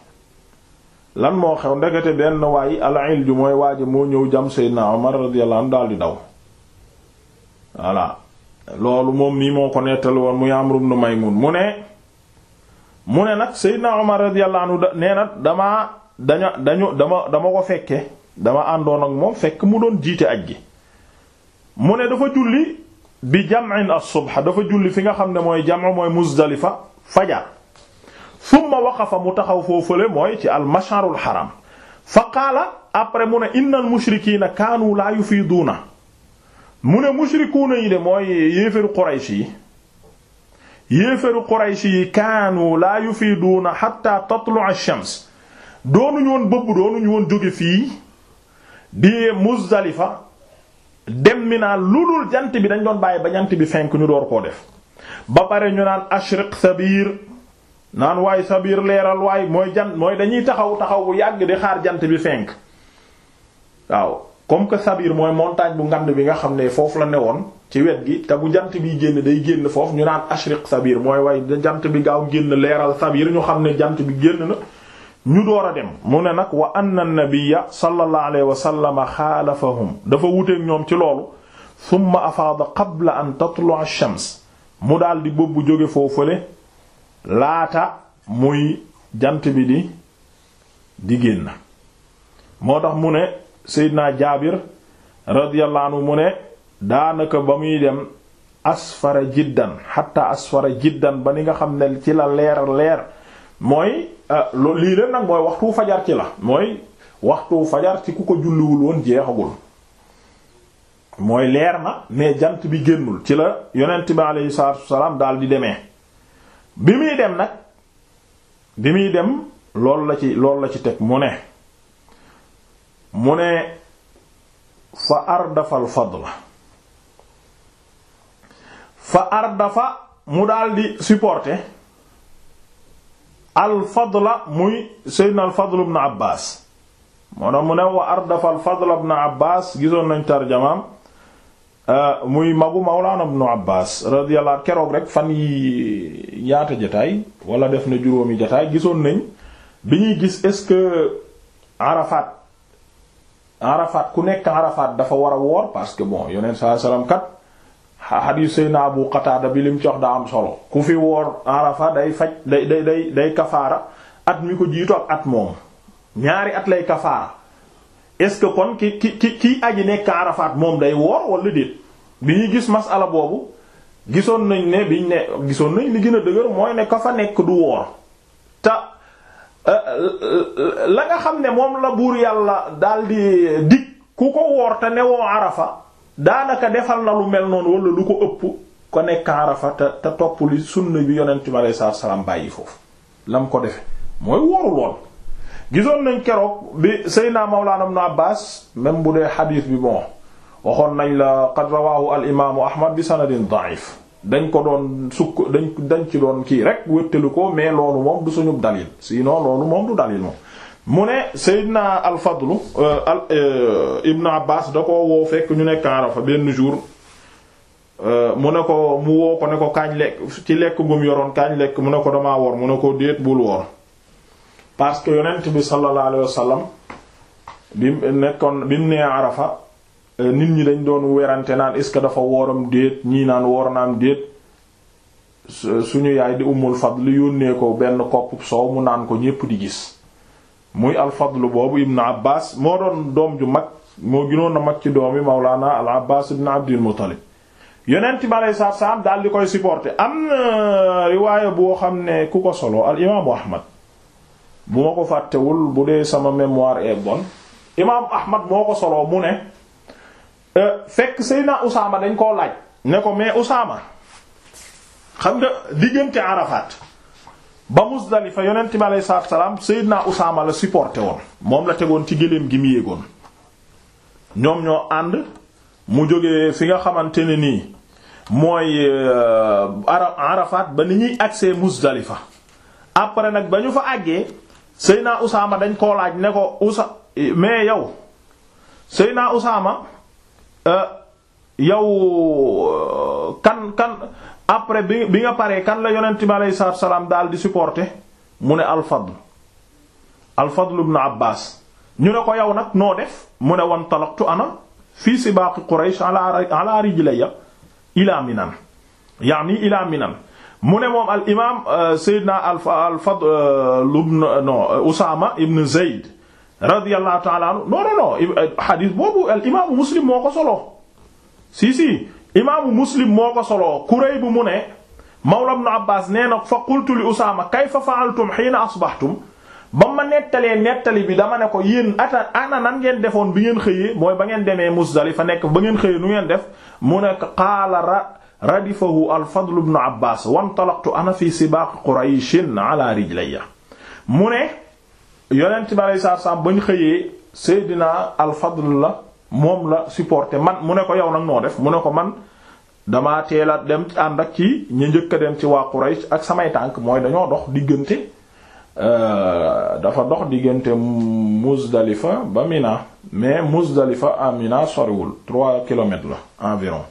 lan moo xew ndekete benn waay al ju mooy waaje moo ñëw jam Seydina Omar radiyallahu anhu daal di daw voilà loolu moom nii moo ko nettal woon muy Amr ibn Maymun mu ne mu ne nag Seydina Omar radiyallahu anhu nee na damaa dañu dama dama ko fekke dama àndoon ak moom fekk mu doon jiite aj gi mu ne dafa julli bi jam'in as-subh dafa julli fi nga xam ne mooy jam'u mooy Muzdalifa fajar summa waqafa mu taxaw foo fële mooy ci al masharul haram fa qaala après mu ne innal mushrikiina kaanu laa yufiiduuna mu ne mushrikuuna yi de mooy yéeféru Quraysh yi yéeféru Quraysh yi kaanu laa yufiiduuna hatta tatlu'a ash-shams doonuñu woon bëbb doonuñu woon jóge fii di Muzdalifa dem mi naa lu dul jant bi dañ doon bàyyi ba jant bi fenk ñu door koo def ba pare ñu naan ashriq sabiir naan waay sa biir leeral waay mooy jant mooy dañuy taxaw taxaw bu yàgg di xaar jant bi fenk waaw comme que sabir mooy montagne bu ngand bi nga xam ne foofu la ne woon ci wet gi te bu jant bi génn day génn foofu ñu naan ashriq sabir mooy da jant bi gaaw génn leeral sabir ñu xam ne jant bi génn na ñu door a dem mu ne nag wa anna nabiyya sallallahu alayhi wa sallam xaalafahum dafa wuteeg ñoom ci loolu thumma afaada qabla an tatlu'a ash-shams mu daal di bëbb jóge foofule laata muy jant bi di di génn moo tax mu ne Seydina Jaabir radiyallahu anhu mu ne daanaka ba muy dem asfara jiddan xatta asfara jiddan ba ni nga xam ne ci la leer leer mooy ah, loolu lii leen nag mooy waxtu fajar ci la mooy waxtu fajar ci ku ko julliwul woon jeexagul mooy leer na ne jant bi génnul ci la yonent bi aleyhi salaatu wa salaam daal di demee bi muy dem nag bi muy dem loolu la ci loolu la ci teg mu ne mu ne fa ardafa al fadla fa ardafa mu daldi supporter al fadla muy seydna al fadl ibn abbas moo tax mu ne wa ardafa al fadla ibn abbas gisoon nañ tarjamaam Euh, muy magu Mawlaana Ibnu Abbaas radiyallahu keroog rek fan yi ñaata jataay wala def na juróomi jataay gisoon nañ bi ñuy gis est-ce que Arafat Arafat ku nekk Arafat dafa war a woor parce que bon yonent saa salaam kat xadiis Seydina Abu Qataada bi lim ci wax daa am solo ku fi woor Arafat day faj day day day kafaara at mi ko jiitu ak at moom ñaari at lay kafaara est-ce que kon ki ki ki aji nekk Arafat moom day woor wala déet. bi ñuy gis masala boobu gisoon nañ ne biñ ne gisoon nañ li gën a dëgër mooy ne ka fa nekk du woor te euh, euh, la nga xam ne moom la buur yàlla daldi dig ku ko woor te newoo arafa daanaka defal na lu mel noonu walla lu ko ëpp ko nekk arafa te te topp li sunna bi yonent bi salaam bàyyi foofu lam ko defe mooy wooru lool gisoon nañ keroog bi sëy naa Mawlaana Ibn Abbaas même bu dee xadiis bi bon waxoon nañ la qad rawahu al imaamu ahmad bi sanadin da'if dañ ko doon sukk dañ dañ ci doon kii rek wéttalu ko mais loolu moom du suñu dalil sinon loolu moom du dalil moom mu ne Seydina al fadlu euh, euh, ibn abbas da ko woo fekk ñu nekk Arafa benn jour euh, mu ne ko mu woo ko ne ko kaañ lekk ci lekk gum yoroon kaañ lekk mu ne ko damaa wor mu ne ko déet bul wor parce que yonent bi sallallahu alayhi wasallam bi nekkoon bi nee Arafa Euh, nit ñi dañ doon werante naan est-ce que dafa wooram déet ñii naan woor naam déet suñu yaay di umul fadl yónnee ko benn kopp soow mu naan ko ñépp di gis muy alfadl boobu ibnu abbas moo doon doom ju mag moo ginoon na mag ci doom yi mawlaana al abbas ibn abdul muttalib yonent bi aleyhi salaatu di koy supporter am riwaaya boo xam ne ku ko solo al imaamu ahmad bu ma ko fàttewul bu dee sama mémoire est bonne imaamu ahmad moo ko solo mu ne fekk Seydina Usaama dañ koo laaj ne ko mais Usaama xam nga diggante Arafat ba Muzdalifa yonent bi alayhi salaatu wa salaam Seydina Usaama la supporté woon moom la tegoon ci gëléem gi mu yéegoon ñoom ñoo ànd mu jógee fi nga xamante ne nii mooy euh, Arafat ba ni ñuy agsee Muzdalifa après nag ba ñu fa àggee Seydina Usaama dañ koo laaj ne ko Usa mais yow Seydina Usaama Euh, yow euh, kan kan après bi bi nga paree kan la yonent bi aleyhi salaam daal di supporter mu ne alfadl alfadl ibn abbas ñu ne ko yow nag noo def mu ne wan talaqtu ana fii sibaaqi quraysh ala ala rijlayya ila minan yaani ila minan mu ne moom al imaam euh, Seydina al Fadl ibn no Usaama radiyallahu ta'ala anhu non non non euh, hadith boobu al imaamu muslim moo ko soloo si si imaamu muslim moo ko soloo Kurayb bu mu ne mawla ibn Abbas nee na fa qultu li Usaama kayfa fa'altum hiina asbahtum ba ma nettalee nettali bi dama ne ko yéen ata ana nan ngeen defoon bi ngeen xëyee mooy ba ngeen demee Muzdalifa nekk ba ngeen xëyee nu ngeen def mu ne qaala ra radifahu al-Fadl ibn Abbas wantalaqtu ana fi sibaaq Qurayshin ala rijlayya mu ne yonent bi aleyhi salaatu salaam ñu xëyee Seydina al la moom la supporté man mu ne ko yow nag noo def mu ne ko man dama teel dem ànd ak ci ñu njëkk a dem ci waa Quraysh ak samay tànk mooy dañoo dox diggante euh, dafa dox diggante Muzdalifa ba Mina mais Muzdalifa à Mina soriwul trois kilomètres la environ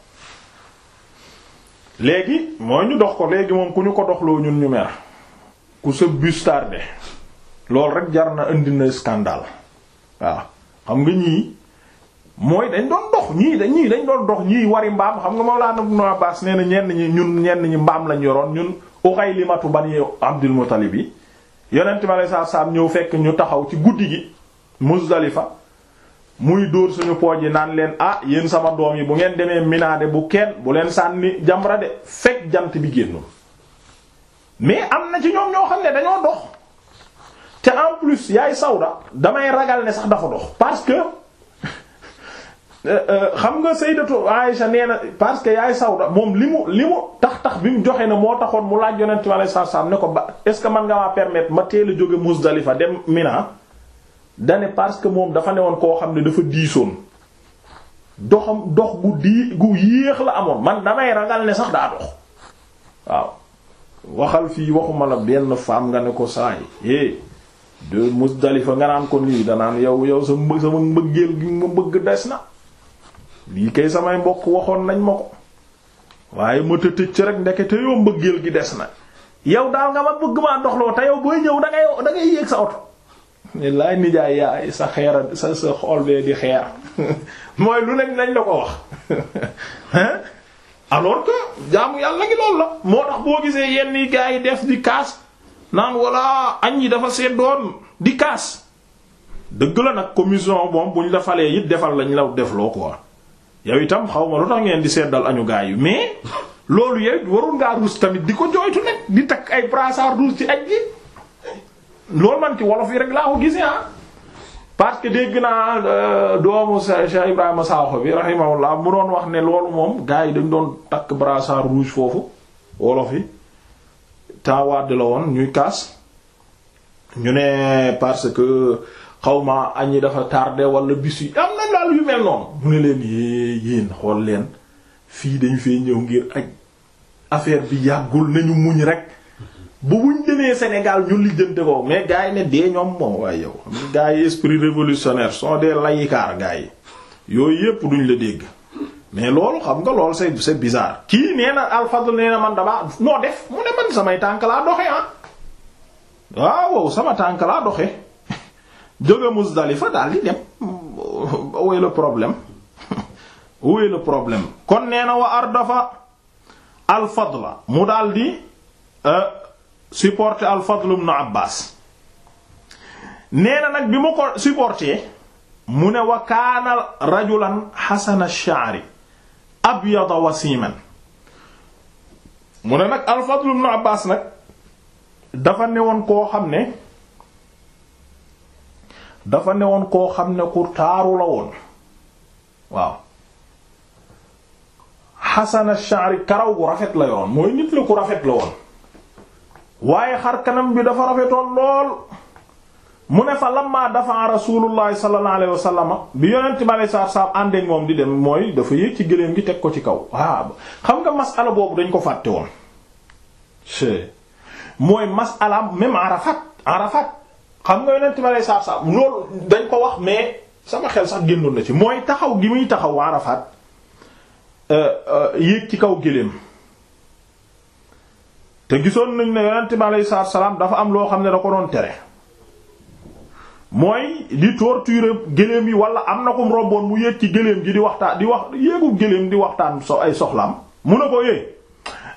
léegi mooy ñu dox ko léegi moom ku ñu ko doxloo ñun ñu mer ku sa bus loolu rek jar na indi na scandale waaw xam nga ñii mooy dañ doon dox ñii dañ ñii dox ñii wari mbaam xam nga Mawlana Ibn Abbas nee na ñenn ñi ñun ñenn ñi mbaam lañ yoroon ñun Uqaylimatu bani Abdul Muttalib yi yonent bi alayhi salaam ñëw fekk ñu taxaw ci guddi gi Muzdalifa muy dóor suñu pooj yi naan leen ah yéen sama doom yi bu ngeen demee minaade bu kenn bu leen sànni jamra de fekk jant bi génnul mais am na ci ñoom ñoo xam ne dañoo dox te en plus yaay sawda damay ragal ne sax dafa dox parce que euh, euh, xam nga sayyidatu Aisha nee na parce que yaay sawda moom li mu li mu tax tax bi mu joxe na moo taxoon mu laaj yonent mi alayhi salaam ne ko ba est-ce que man nga maa permettre ma teel a jóge Muzdalifa dem Mina dane parce que moom dafa ne woon koo xam ne dafa diisoon doxam dox gu dii gu yéex la amoon man damay ragal ne sax daa dox waaw waxal fii waxuma la benn femme nga ne ko saa yi de Muzdalifa nga naan ko lii danaan yow yow sa sama mbëggeel gi ma bëgg des na lii kay samay mbokk waxoon nañ ma ko waaye ma tëtëj ci rek ndekete yoo mbëggeel gi des na yow daal nga ma bëgg maa doxloo te yow booy ñëw da da ngay yéeg sa oto ne sa xeera di xeer [LAUGHS] lu nekk nañ la ko wax [LAUGHS] yàlla ngi moo tax boo gisee yenn gars yi def di kaas naan walla añ yi dafa seddoon di kaas dëgg la nag commission moom bu ñu la falee it defal lañ la defloo quoi yow itam xaw ma lu tax ngeen di seddal añu gaa yi mais [LAUGHS] loolu yow warul ngaa ruus tamit di ko jooytu nag di takk ay brassard ruus ci aj gi loolu man ci wolof yi rek laa ko gisee ah. parce que dégg naa euh, doomu Cheikh Ibrahima Sakho bi rahimahullah mu doon wax ne loolu moom gaa yi dañ doon takk brassard rouge foofu wolof yi. temps Wade la woon ñuy kaas ñu ne parce que xawma añ yi dafa tardé wala bis yi am na daal yu mel noonu mu ne leen yée yéen xool leen fii dañu fee ñëw ngir aj affaire bi yàggul nañu muñ rek bu buñ demee Sénégal ñu lijjante ko mais gars yi ne dee ñoom moom waaye yow gars yi esprit révolutionnaire sont des laïcards gars yi yooyu yépp duñ la dégg mais loolu xam nga loolu c'est c'est bizarre kii nee na alfadl nee man damaa noo def mu ne man samay tànk laa doxe ah waaw sama tànk laa doxe [LAUGHS] jóge Muzdalifa daal di dem où problème [LAUGHS] où problème kon nee na wa ardafa alfadla mu daal di euh, supporter alfadl ibn Abbas nee na nag bi mu ko supporter mu ne wa kaana rajulan xasana sha'ri abyada wasiman mu ne nag al-Fadl ibn Abbas nag dafa newoon koo xam ne dafa newoon koo xam ne ku taaru la woon waaw xasan ash-sha'r karaw gu rafet la yoon mooy nit la ku rafet la woon waaye xar kanam bi dafa rafetoon lool mu ne fa lamma dafa rasulullahi sallallahu alayhi wa sallam bi yonent bi alayhi ànd moom di dem mooy dafa yéeg ci gëléem gi teg ko ci kaw waaw ah, xam nga masala boobu dañ ko fàtte woon mooy masala même Arafat Arafat xam nga yonent bi alayhi salaatu salaam loolu dañ ko wax mais sama xel sax génnoon na ci mooy taxaw gi muy taxaw Arafat euh, euh, yéeg ci kaw gëléem te gisoon nañ ne yonent bi alayhi salaam dafa am loo xam ne da ko doon tere mooy di torturer gëléem yi wala am na ko romboon mu yéeg ci gëléem gi di waxtaan di wax yéegu gëléem di waxtaan so ay soxlaam mu ne ko yéeg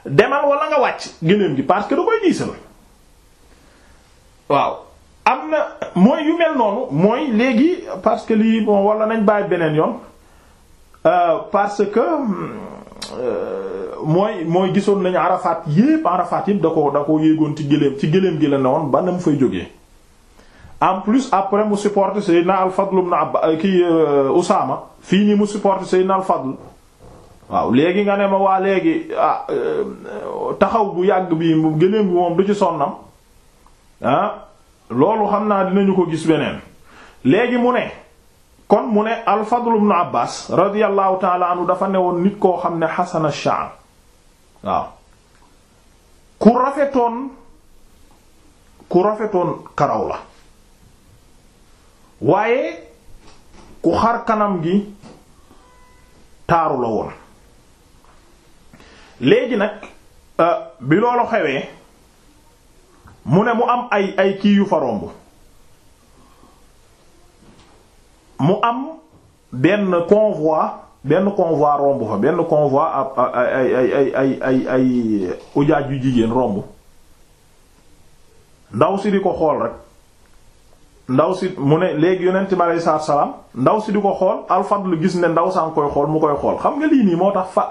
demal wala nga wàcc gëléem gi parce que da koy diisal waaw am na mooy yu mel noonu mooy léegi parce que lii moom wala nañ bàyyi beneen yoon euh, parce que euh, mooy mooy gisoon nañu arafaat yépp arafaat yépp da ko da ko yéegoon ci gëléem ci gëléem gi la ne woon ba mu fay jógee en plus après mu supporter Seydina al-Fadl ibn Abba euh, kii euh, Usaama fii nii mu supporter na al-Fadl waaw léegi nga ne ma waa léegi ah, euh, taxaw bu yàgg bii mu gëléem bi moom du ci sonnam ah, loolu xam naa ñu ko gis beneen léegi mu ne kon mu ne al-Fadl ibn Abbas radiyallahu ta'ala anhu dafa newoon nit koo xam ne hasan ash-sha'n waaw ku rafetoon ku rafetoon karaw la waaye ku xar kanam gi taaru la woon léegi nag bi loolu xewee mu ne mu am ay ay kii yu fa romb mu am benn convoi benn convoi romb fa benn convoi ab ay ay ay ay ay ay ujaaj yu jigéen romb ndaw si di ko xool rek ndaw si mu ne léegi yonent bi aleyhi salaatu salaam ndaw si di ko xool alfadlu gis ne ndaw saa koy xool mu koy xool xam nga lii nii moo tax fa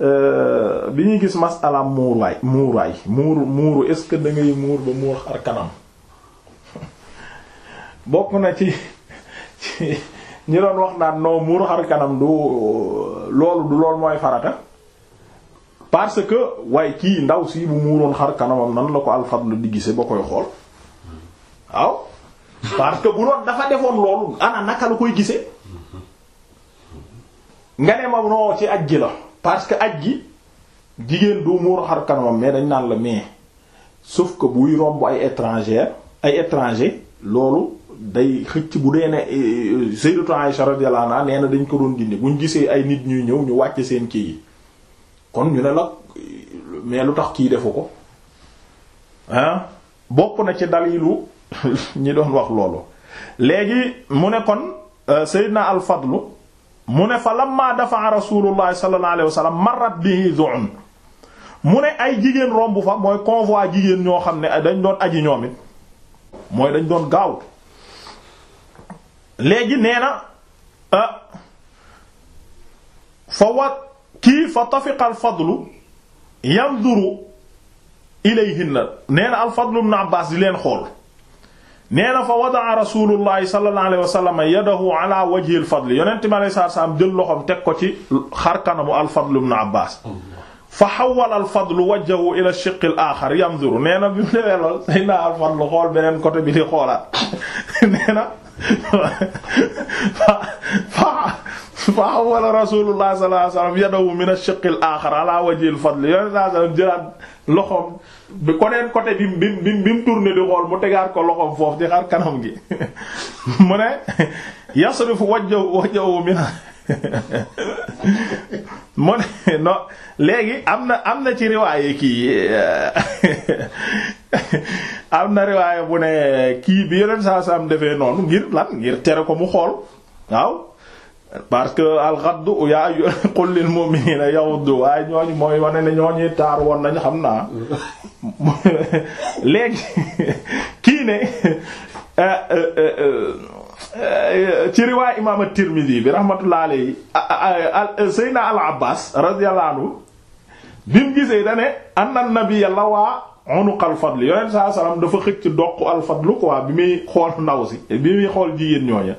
euh, bi ñuy gis masalaam muuraay muuraay muuru muuru est-ce que da muur ba muur xar kanam [LAUGHS] bokk na ci ci ñi doon wax naan non muur xar kanam du loolu du loolu mooy farata parce que waaye kii ndaw si bu muuroon xar kanamam nan la ko alfadlu di gise ba koy xool waaw parce que bu doon dafa defoon loolu ana naka la koy gisee nga ne ma noo ci aj gi la parce que aj gi jigéen du muur xar kanamam mais dañ naan la mais sauf que buy romb ay étranger ay étranger loolu day xëcc bu dee ne eh, eh, Sayyidatu Aisha radiyallahu anha nee na dañ ko doon dindi buñ gisee ay nit ñuy ñëw ñu wàcc seen kii yi kon ñu ne la eh, mais lu tax kii defu ko ah bokk na ci dalilu [LAUGHS] ñi doon wax loolu léegi mu ne kon euh, Seydina al-Fadlu mu ne fa lamma dafa rasulullahi sallallahu alayhi wa sallam marrat bihi zu'un mu ne ay jigéen romb fa mooy convoi jigéen ñoo xam ne dañ doon aji ñoom mooy dañ doon gaaw léegi nee na euh, fa wa kii fa tafiqa al-Fadlu yanzuru ilayhinna nee na al-Fadlu ibn Abbas di leen xool nee na fa wadaa rasulullahi sallallahu alayhi wa sallam yadahu ala wajhi al-fadl yonent mi alayhi salaam jël loxom teg ko ci xar kanamu al-fadl ibn abbas fa xawala al-fadl wajhahu ila ash-shiqq al-akhar yanzuru nee na bi mu defee lool say naa al-fadl xool beneen côté bi di xoolaat [LAUGHS] nee na fa xawala rasulullahi sallallahu alayhi wa sallam yadahu min ash-shiqq al-akhar ala wajhi al-fadl yonent mi alayhi salaam jëlaat loxom bi koneen côté bi bi bi bi mu tourné di xool mu tegaat ko loxoom foofu di xar kanam gi [LAUGHS] mu ne yasrifu wajjahu wajjahu min [LAUGHS] mu ne no léegi am na am na ci riwaaye kii eh, [LAUGHS] am na riwaaye bu ne kii bi yeneen saa saa am defee noonu ngir lan ngir tere ko mu xool waaw parce que alxaddu yaa [LAUGHS] qul lil mu'minina yaghuddu waaye ñooñu mooy wane ne ñooñuy taar woon nañ xam naa [LAUGHS] léegi [LAUGHS] kii ne eh, eh, eh, ci riwaay imaam at bi rahmatullah alayhi sayna al abbas radiyallahu anhu bi mu gisee da ne anna nabiyya lawaa unuqal fadl yonent saa salaam dafa xëcc doq al fadlu quoi bi muy xool ndaw si bi muy xool jigéen ñooña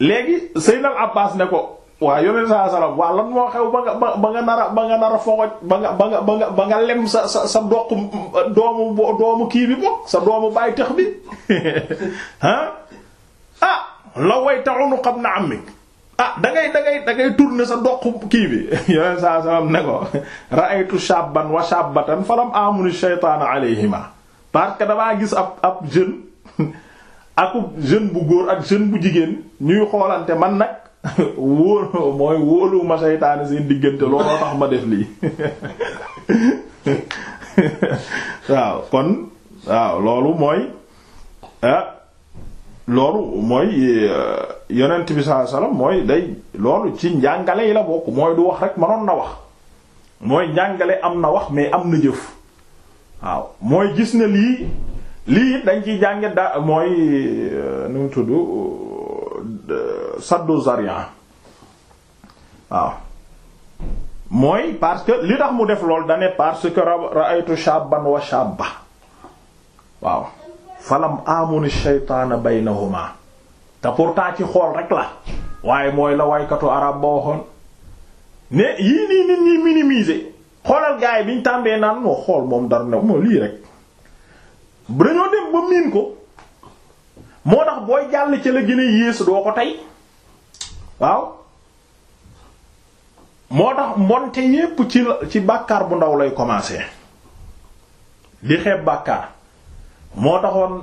léegi Seydina Abbas ne ko waa yonent saa salaam waa lan moo xew ba nga ba nga nar a ba nga nar a ba nga ba nga ba nga ba lem sa sa sa doq doomu doomu kii bi bokk sa doomu baay tax bi [LAUGHS] ah ah la way taxunu xam na am ah da ngay dangay ngay da ngay sa doq kii bi [LAUGHS] yonent saa salaam ne ko [LAUGHS] ra'aytu shabban wa shabbatan falam amunu shaytaana alayhima parce que damaa gis ab ab jeune akub jeune bu góor ak jeune bu jigéen ñuy xoolante man nag [LAUGHS] wóolu mooy wóolu ma seytaane seen diggante looloo tax ma def lii [LAUGHS] waaw kon waaw loolu mooy ah loolu mooy eh, yonent bi sallallahu alayhi mooy day loolu ci njàngale yi la bokk mooy du wax rek mënoon na wax mooy njàngale am na wax mais am na jëf waaw mooy gis na lii lii dañ ciy jànge da mooy euh, nu mu tudd euh, saddu zarian waaw mooy parce que li tax mu def lool dane parce que ra'aytu shaban wa shabba waaw falam amuni shaytaana baynahuma te pourtant ci xool rek la waaye mooy la waykatu arab ba waxoon ne yii nii nit ñi minimiser xoolal gaay biñ tàmbee naan moo xool moom dara ne moo lii rek bu dañoo dem ba miin ko moo tax booy jàll ci la gën a yéesu doo ko tey waaw moo tax mbonte yépp ci ci bàkkaar bu ndaw lay commencer di xeeb bàkkaar moo taxoon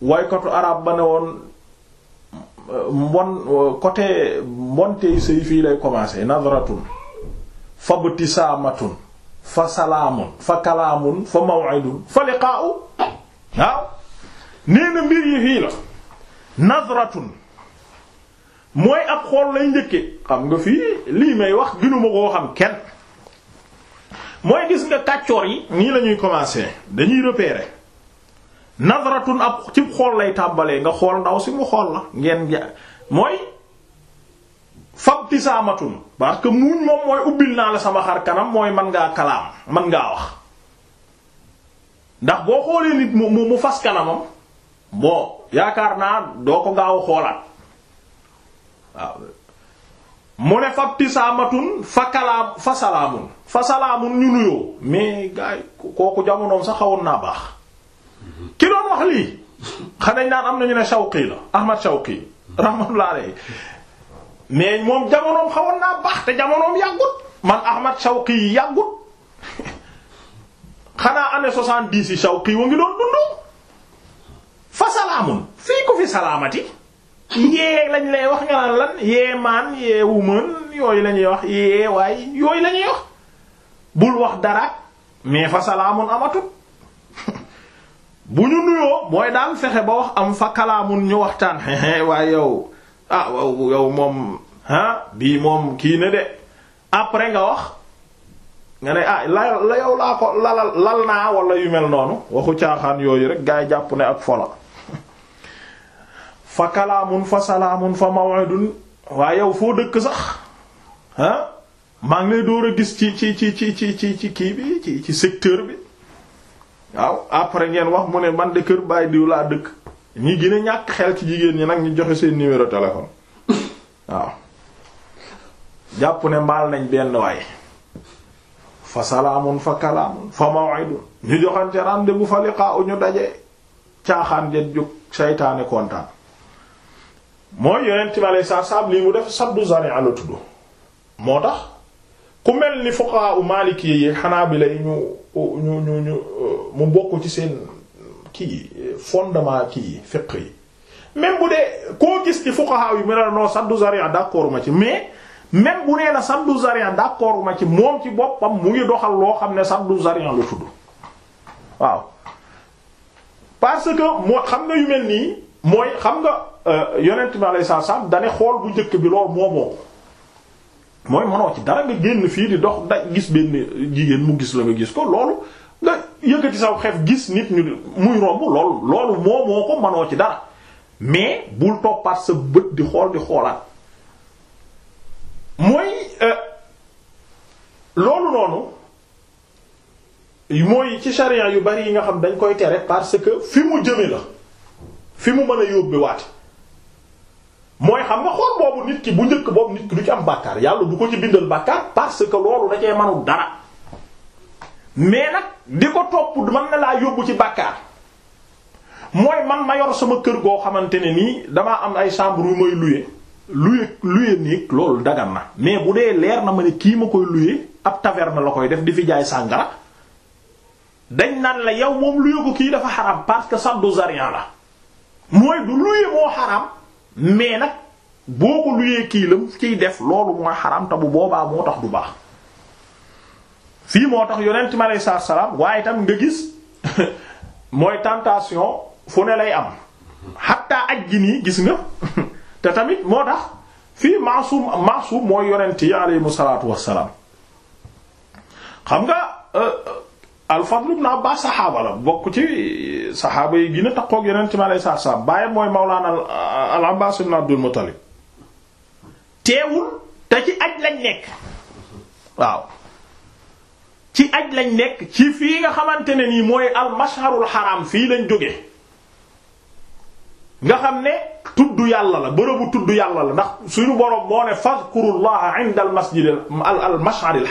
waykatu arab ba ne woon mbon côté mbonte say fii lay commencer nazratun fabtisamatun fa salaamun fa kalaamun fa maw'idun fa liqaa'u waaw nee na mbir yi fii la nazratun mooy ab xool lay njëkke xam nga fii lii may wax ginuma koo xam kenn mooy gis nga kàccoor yi nii la ñuy commencer dañuy repérer nazratun ab ci xool lay tàmbalee nga xool ndaw si mu xool la ngeen mooy fabtisaamatun parce que muuñ moom mooy ubbil naa la sama xar kanam mooy man ngaa kalaam man ngaa wax ndax boo xoolee nit mu mu fas kanamam bon yaakaar naa doo ko gaaw xoolaat waaw mu ne fabtisaamatun fa kalaam fa salaamun fa salaamun ñu nuyoo mais gaay kooku jamonoom sax xawoon naa baax ki doon wax lii xanañ naan am nañu ne Shawqi la Ahmad Shawqi rahmatullah alayhi mais moom jamonoom xawoon naa baax te jamonoom yàggut man Ahmad Shawqi yi yàggut [LAUGHS] xanaa année soixante-dix yi Shawqi wa ngi doon dundu fa salaamun fii ko fi salaamati yee lañ lay wax nga naan lan yee maan yee wuman yooyu lañuy wax yee waay yooyu lañuy wax bul wax dara mais fa salaamun amatut [LAUGHS] bu ñu nuyoo mooy daal fexe ba wax am fa kalaamun ñu waxtaan [LAUGHS] waaye yow ah waaw yow moom ah bii moom kii ne de après nga wax nga ne ah la la yow laa ko lal lal naa wala yu mel noonu waxu caaxaan yooyu rek gaa yi jàpp ne ak fola fa kalaamun fa salaamun fa maw'idun waaye yow foo dëkk sax ah maa ngi lay door a gis ci ci ci ci ci ci ci kii ci ci secteur bi waaw après ngeen wax mu ne man de kër bàyyi diw laa dëkk ñi gën ñàkk xel ci jigéen ñi nag ñu joxe seen numéro téléphone waaw jàpp ne mbaal nañ benn waay fa salaamun fa kalaamun fa maw'idun ñu joxante rendez-vous fa liqaa'u ñu daje caaxaan jët jóg saytaane kontaan mooy yeneen ci bale sa saab lii mu def saddu zari'a la tudd moo tax ku mel ni fuqaha u maliki yi xanaa bi lay ñu ñu ñu mu bokk ci seen kii fondement kii fiqh yi même bu dee koo gis ci fuqaha yi mu ne la non saddu zaria d'accord ma ci mais même bu nee la saddu zaria d'accord ma ci moom ci boppam mu ngi doxal loo xam ne saddu zaria lu tudd waaw parce que moo xam nga yu mel nii mooy xam nga euh, yonent bi alayhi salaam dane xool bu njëkk bi lool moomoo mooy mënoo ci dara nga génn fii di dox da gis benn jigéen mu gis la nga gis ko loolu nga yëkkati saw xef gis nit ñu muy romb loolu loolu moo ko manoo ci dara mais bul toppaat sa bët di xool di xoolaat mooy euh, loolu noonu mooy ci sharia yu bari yi nga xam dañ koy tere parce que fi mu jëme la fi mu mën a yóbbi waat mooy xam nga xool boobu nit ki bu njëkk boobu nit ki du ci am bàkkaar yàlla du ko ci bindal bàkkaar parce que loolu da cee dara mais nag di ko topp mën na laa yóbbu ci bàkkaar mooy man ma yor sama kër goo xamante ne nii damaa am ay chambre yu may louer louer louer néeg loolu dagan na mais bu dee leer na ma ne kii ma koy louer ab taverne la koy def di fi jaay sàngara dañ naan la yow moom louer ko kii dafa xaram parce que saddu zarian la mooy du louer moo xaram mais nag boo ko louer kii la mu ciy def loolu mooy xaram te bu boobaa moo tax du baax fii moo tax yonent mi aleyhi salaatu salaam waaye itam nga gis [LAUGHS] mooy tentation fu ne lay am xatta aj gi gis nga [LAUGHS] te tamit moo tax fii maasum maasum mooy yonent yi aleyhimu salaatu wassalaam nga euh, euh, al-Fadl ibn bokk ci saxaaba yi gën a taxaw ak yonent mi aleyhi salaatu salaam bàyyam mooy mawlaana al-Abbaas ibn Abdul Muttalib teewul te ci aj lañ nekk waaw ci aj lañ nekk ci fii nga xamante ne nii mooy al masharul fii lañ jóge nga xam ne tudd yàlla la bërëbu tudd yàlla la ndax suñu borom moo ne fadkurullaha inda al masjid al al masharil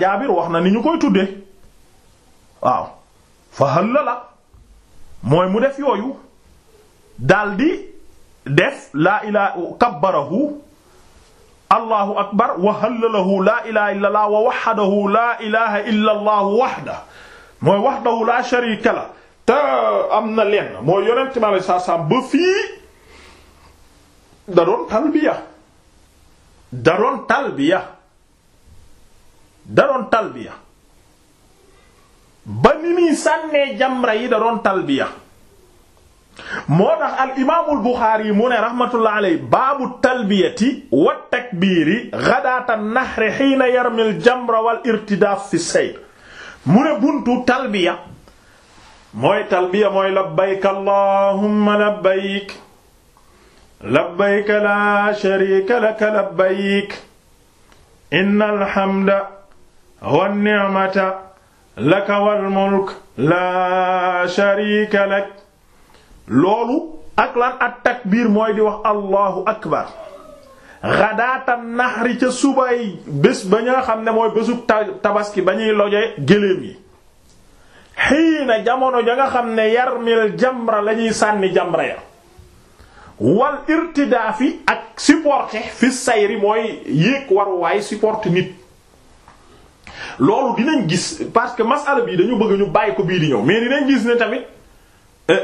Jaabir wax na ni ñu koy tudde waaw fa halla la mooy mu def yooyu daldi def laa ilaa kabbarahu allahu akbar wa hallalahu laa ilaha illa allah wa wahdahu laa ilaha illa allah wahdahu mooy wahdahu laa sharika la te am na lenn mooy yonent mi alayhi salaatu salaam ba fii da doon talbiya da doon talbiya da doon talbiya ba ni muy sànnee jamra yi da doon talbiya moo tax al imaamul Buxaari mu ne rahmatullah aley baabu talbiyati wa takbiiri gadaata nahri xiina yarmil jamra wal irtidaaf fi sayr mu ne buntu talbiya mooy talbiya mooy labbayk allahumma labbayk labbayk laa shariika laka labbayk innal hamda wan ni'mata laka wal mulk laa shariika lak loolu ak lan at takbiir mooy di wax allahu akbar xadaatan naxri ca subay bés ba nga xam ne mooy bésu tabaski ba ñuy loje géléem yi xiina jamono ja nga xam ne yarmil jamra la ñuy sànni jamra ya wal irtidaafi ak supporter fi sayri mooy yéeg waruwaay supporter nit loolu dinañ gis parce que masala bii dañu bëgg ñu bàyyi ko bii di ñëw mais dinañ gis ne tamit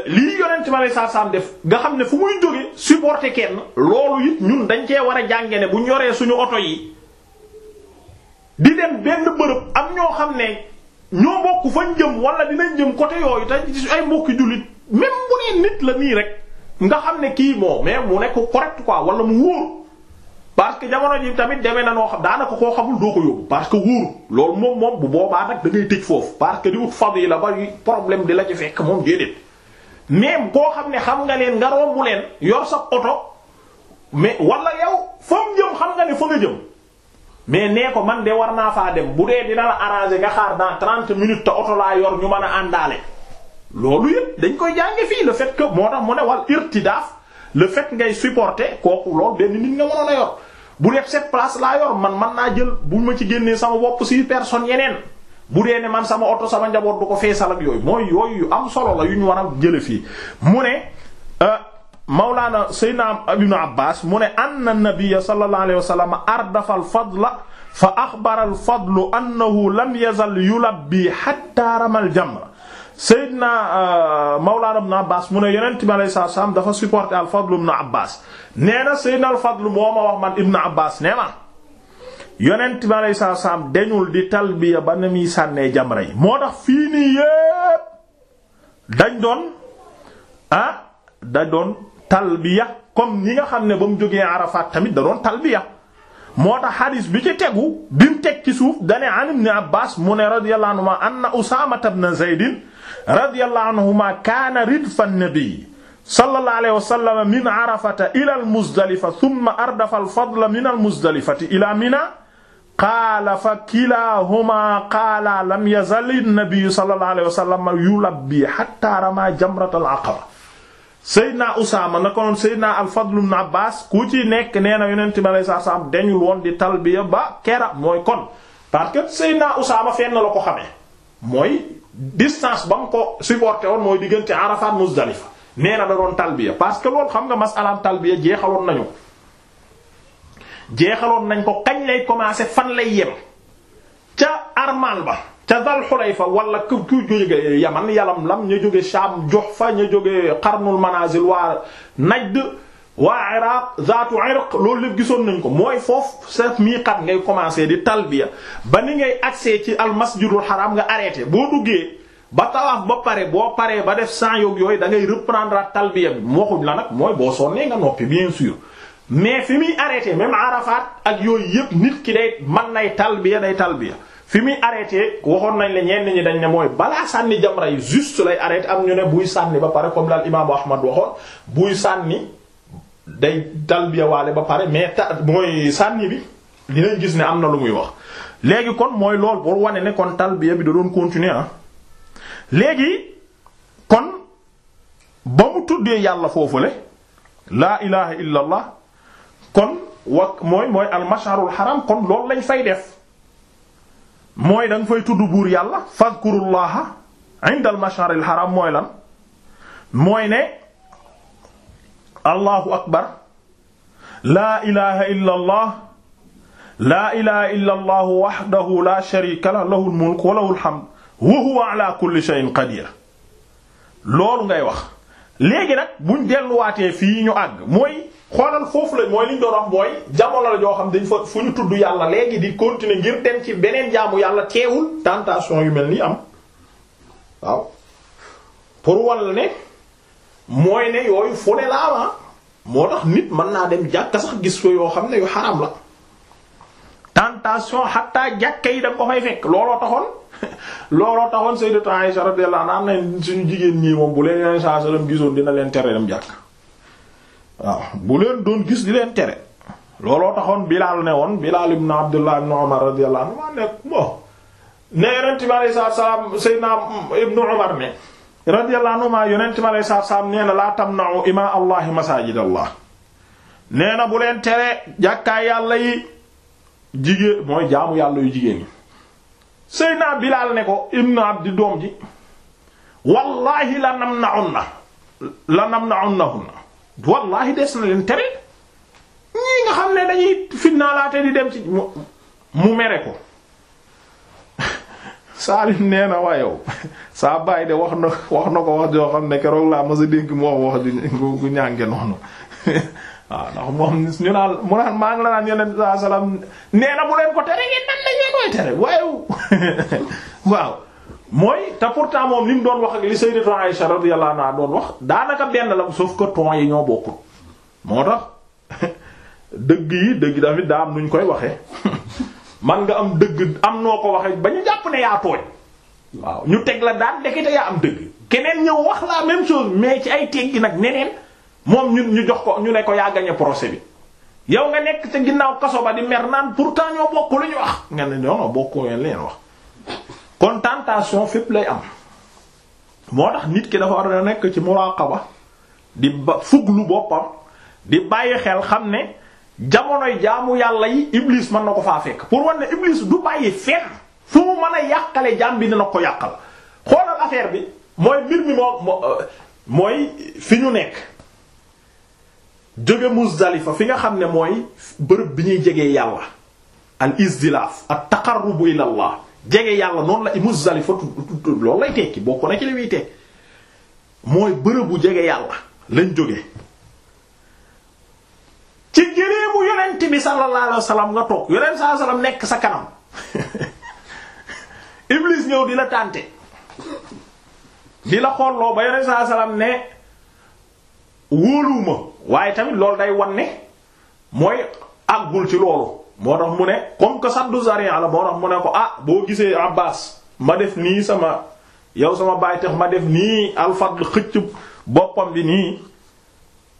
lii yonent ma lay saa saam def nga xam ne fu muy jóge supporter kenn loolu it ñun dañ cee war a jànge ne bu ñoree suñu oto yi di dem benn bërëb am ñoo xam ne ñoo bokk fañ jëm wala dinañ jëm côté yooyu te ci ay mbokki jullit même bu nee nit la nii rek nga xam ne kii moo mais mu nekk correct quoi wala mu wóor parce que jamono ji tamit demee na noo xam daanaka koo xamul doo ko yóbbu parce que wóor loolu moom moom bu boobaa nag da tëj foofu parce que di ut fadila ba problème di la fekk moom déedéet même koo xam ne xam nga leen nga rombu leen yor sa oto mais wala yow fa mu jëm xam nga ne fa nga jëm mais nee ko man de war naa faa dem bu dee dina la arranger nga xaar dans trente minutes te oto laa yor ñu mën a àndaale. loolu yëpp dañ koy jànge fii le fait que moo tax mu ne wal irtidaaf le fait ngay supporter kooku loolu benn nit nga waroon a yor bu def cette place laa yor man man naa jël bu ma ci génnee sama bopp si personne yeneen. bu dee ne man sama oto sama njaboot du ko feesal ak yooyu mooy yooyu yu am solo la yu ñu war a jële fii mu ne euh, Mawlaana Seydina Ibnu Abbaas mu ne anna nabiyya sallallahu alayhi wa sallam ardafa al-fadla fa axbara al-fadlu annahu lam yazal yulabbi hatta rama al-jamra Seydina euh, Mawlaana Ibnu Abbaas mu ne Yonent bi alayhi salaam dafa supporté al-Fadlu ibnu Abbaas nee na Seydina al-Fadlu moo ma wax man Ibnu Abbaas nee ma yonent bi aleyhi salaatu salaam deñul di talbiya ba na muy sànnee yi moo tax fii nii yépp dañ doon ah da talbiya comme ñi nga xam ne ba mu jógee Arafat tamit da doon talbiya moo tax xadiis bi ci tegu di mu teg ci suuf dane an ibn Abbaas mu ne radiyallahu anhuma anna Usaama ibn Zayd radiyallahu anhuma kaana ridfa an-nabi sallallahu alayhi wa sallam min Arafata ila al al-fadla min al-Muzdalifati Mina qaala fa kilaahumaa qaala lam yazal nabiyu sallallahu alayhi wa sallam yulabbi hatta rama jamratal aqaba Seydina Usaama na ko noon Seydina al-Fadl ibn Abbaas ku ci nekk nee na yonent bi alayhi salaam dañul woon di talbiya ba kera mooy kon parce que Seydina Usaama fenn la ko xamee mooy distance ba mu ko supporté woon mooy diggante Arafat Muzdalifa nee na da doon talbiya parce que loolu xam nga mas'alaam talbiya jeexaloon nañu jeexaloon nañ ko kañ lay commencé fan lay yem ca armal ba ca Dal Xulayfa wala ku ku jóge Yaman yalam lam ña jóge Sham Juhfa ña jóge Qarnul Manazil waa Najd waa Iraq zaatu Iraq loolu lépp gisoon nañ ko mooy foofu sa miiqat ngay commencé di talbiya ba ni ngay accès ci al masjidul haram nga arrêté boo duggee ba tawaaf ba pare boo paree ba def sans yog yooyu da ngay reprendre ak talbiya bi moo xuñ la nag mooy boo sonnee nga noppi bien sûr mais fi muy arrêté même Arafat ak yooyu yëpp nit ki day man nay talbiya day talbiya fi muy arrêté waxoon nañ la ñenn ñi dañ ne mooy balaa sànni jamra yi juste lay arrêté am ñu ne buy sànni ba pare comme daal imaamu Ahmad waxoon buy sànni day talbiya waale ba pare mais ta sànni bi dinañ gis ne am na lu muy wax. léegi kon mooy lool pour wane ne kon talbiya bi da doon continuer ah. léegi kon ba mu tuddee yàlla foofule laa ilaha illallah. kon wa mooy mooy almasharul haram kon loolu lañ fay def mooy da nga fay tudd buur yàlla fadkurullaha inda almasharil haram mooy lan mooy ne allahu akbar laa ilaha illa allah laa ilaha illa allah wahdahu la sharika lah lahu almulk wa lahu alhamd wa huwa ala kulli shay'in qadir loolu ngay wax léegi nag buñ delluwaatee fii ñu àgg mooy xoolal foofu la mooy liñ doon wax mooy jamono la joo xam dañ fa fu ñu tudd yàlla léegi di continuer ngir dem ci beneen jaamu yàlla teewul tentation yu mel nii am waaw pour walla ne mooy ne yooyu fu ne la ama ah moo tax nit mën naa dem jàkka sax gis ko yoo xam ne yu xaram la tentation xatta jàkka yi da nga ko fay fekk looloo taxoon [LAUGHS] looloo taxoon Sayyidatu Aisha radiyallahu anha am na suñu jigéen ñi moom bu leen yoneen saa sallam gisoon dina leen tere dem jàkk waaw bu leen doon gis di leen tere looloo taxoon Bilaal ne woon Bilaal ibn Abdullah ibn Umar radiyallahu anhu maa nekk bon ne yonent salaam Seydina ibn Umar ne radiyallahu anhu maa yonent bi alayhi salaatu salaam nee na laa tamna'u imaa Allahi masaajid Allah nee na bu leen tere jàkkaay yàlla yi jigéen mooy jaamu yàlla yu jigéen yi Seydina Bilaal ne ko ibnu abdi doom ji wallaahi la nam na un na la nam na un na wallaahi des na leen tere ñii nga xam ne dañuy fitnaalaate di dem ci mu mere ko [LAUGHS] Saalim nee na waa yow [LAUGHS] saa bàyyi de wax na wax na ko wax joo xam ne keroog laa ma sa dégg mu wax wax ju gu ñànge noonu [LAUGHS] waaw ah, ndax moom ñu naan mu naan maa ngi la naan yeneen saa salaam nee na bu leen ko tere ngeen nan lañ leen koy tere [LAUGHS] waaw mooy te pourtant moom li doon wax ak li sayyidatu Aisha radiyallahu naa doon wax daanaka benn la sauf que ton yi ñoo bokkul moo tax [LAUGHS] dëgg yi dëgg tamit daa am nuñ koy waxee [LAUGHS] man nga am dëgg am noo ko waxee ba ñu jàpp ne yaa tooñ waaw ñu teg la daan ndekete yaa am dëgg keneen ñëw wax la même chose mais ci ay teggi nag neneen moom ñun ñu jox ko ñu ne ko yaa gagné bi yow nga nekk ca ginnaaw kaso ba di mer naan pourtant ñoo bokk lu ñu wax nga ne non non bokkul leen leen wax kon tentation fépp lay am moo tax nit ki dafa war a nekk ci muraqaba di ba fuglu boppam di bàyyi xel xam ne jamonoy jaamu yàlla yi iblis mën na ko faa fekk pour wan ne iblis du bàyyi fenn fu mu mën a yàqale jaam bi dina ko yàqal xoolal affaire bi mooy mbir mi moo euh, mooy fi ñu nekk. jóge Muzdalifa fi nga xam ne mooy bërëb bi ñuy jegee yàlla al izdilaaf at taqarrubu ila Allah jege yàlla noonu la Muzdalifa loolu lay tekki bokk na ci li muy tekki mooy bërëbu jege yàlla lañ jóge ci gëreemu yonent bi sallallahu alayhi wasallam nga toog yonent sallallahu nekk sa kanam [LAUGHS] Iblis ñëw di la tànte di la xolloo ba yonent sallallahu alayhi wasallam ne wóoluwuma waaye tamit loolu day wan mooy àggul ci loolu moo tax mu ne comme que saddu zaria la moo tax mu ne ko ah boo gisee Abbas ma def nii sama yow sama baay tax ma def nii alfadl xëcc boppam bi nii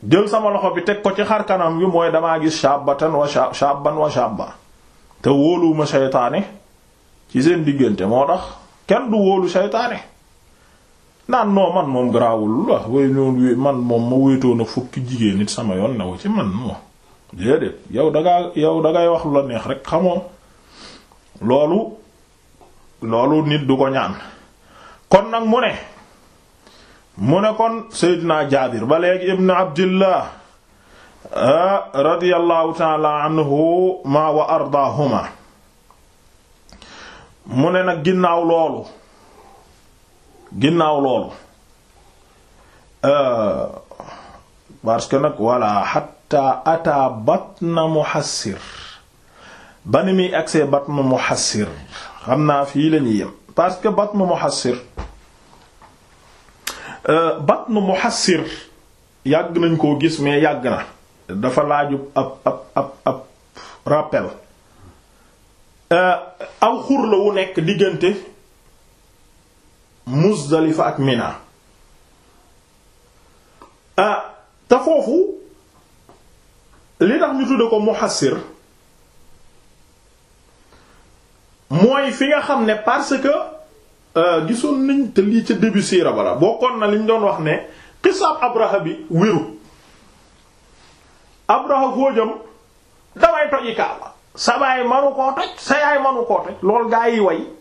jël sama loxo bi teg ko ci xar kanam mooy damaa gis shaabatan wa shaaban wa shaaba te wóoluwuma seytaane ci seen diggante moo tax kenn du wóolu seytaane naan non man moom garaawul wax way noonu man moom ma wéetoon ak fukki jigéen nit sama yoon newu ci man moom déedéet yow dangaa yow dangay wax lu la neex rek xamoo loolu loolu nit du ko ñaan kon nag mu ne mu ne kon Seydina Jaabir ba léegi ibn Abdillah ah, radiyallahu taala anhuma wa ardaahuma mu ne nag ginnaaw loolu ginnaaw loolu euh, parce que nag walla xatta ata batna muhassir ba ni muy agsee batna muhassir xam naa fii lañuy yem parce que batna muhassir euh, batna muhassir yàgg nañ koo gis mais yàgg na dafa laaju ab ab ab ab rappel euh, aw xur la wu nekk diggante Muzdalifa ak Mina ah te foofu li tax ñu tudde ko muhassir mooy fi nga xam ne parce que euh, gisoon nañ te lii ca début siira bala bokkoon na li ñu doon wax ne xisaab Abraha bi wéru Abraha góojam damay toji Kaaba sa baay manu koo toj sa manu koo toj loolu gaa yi way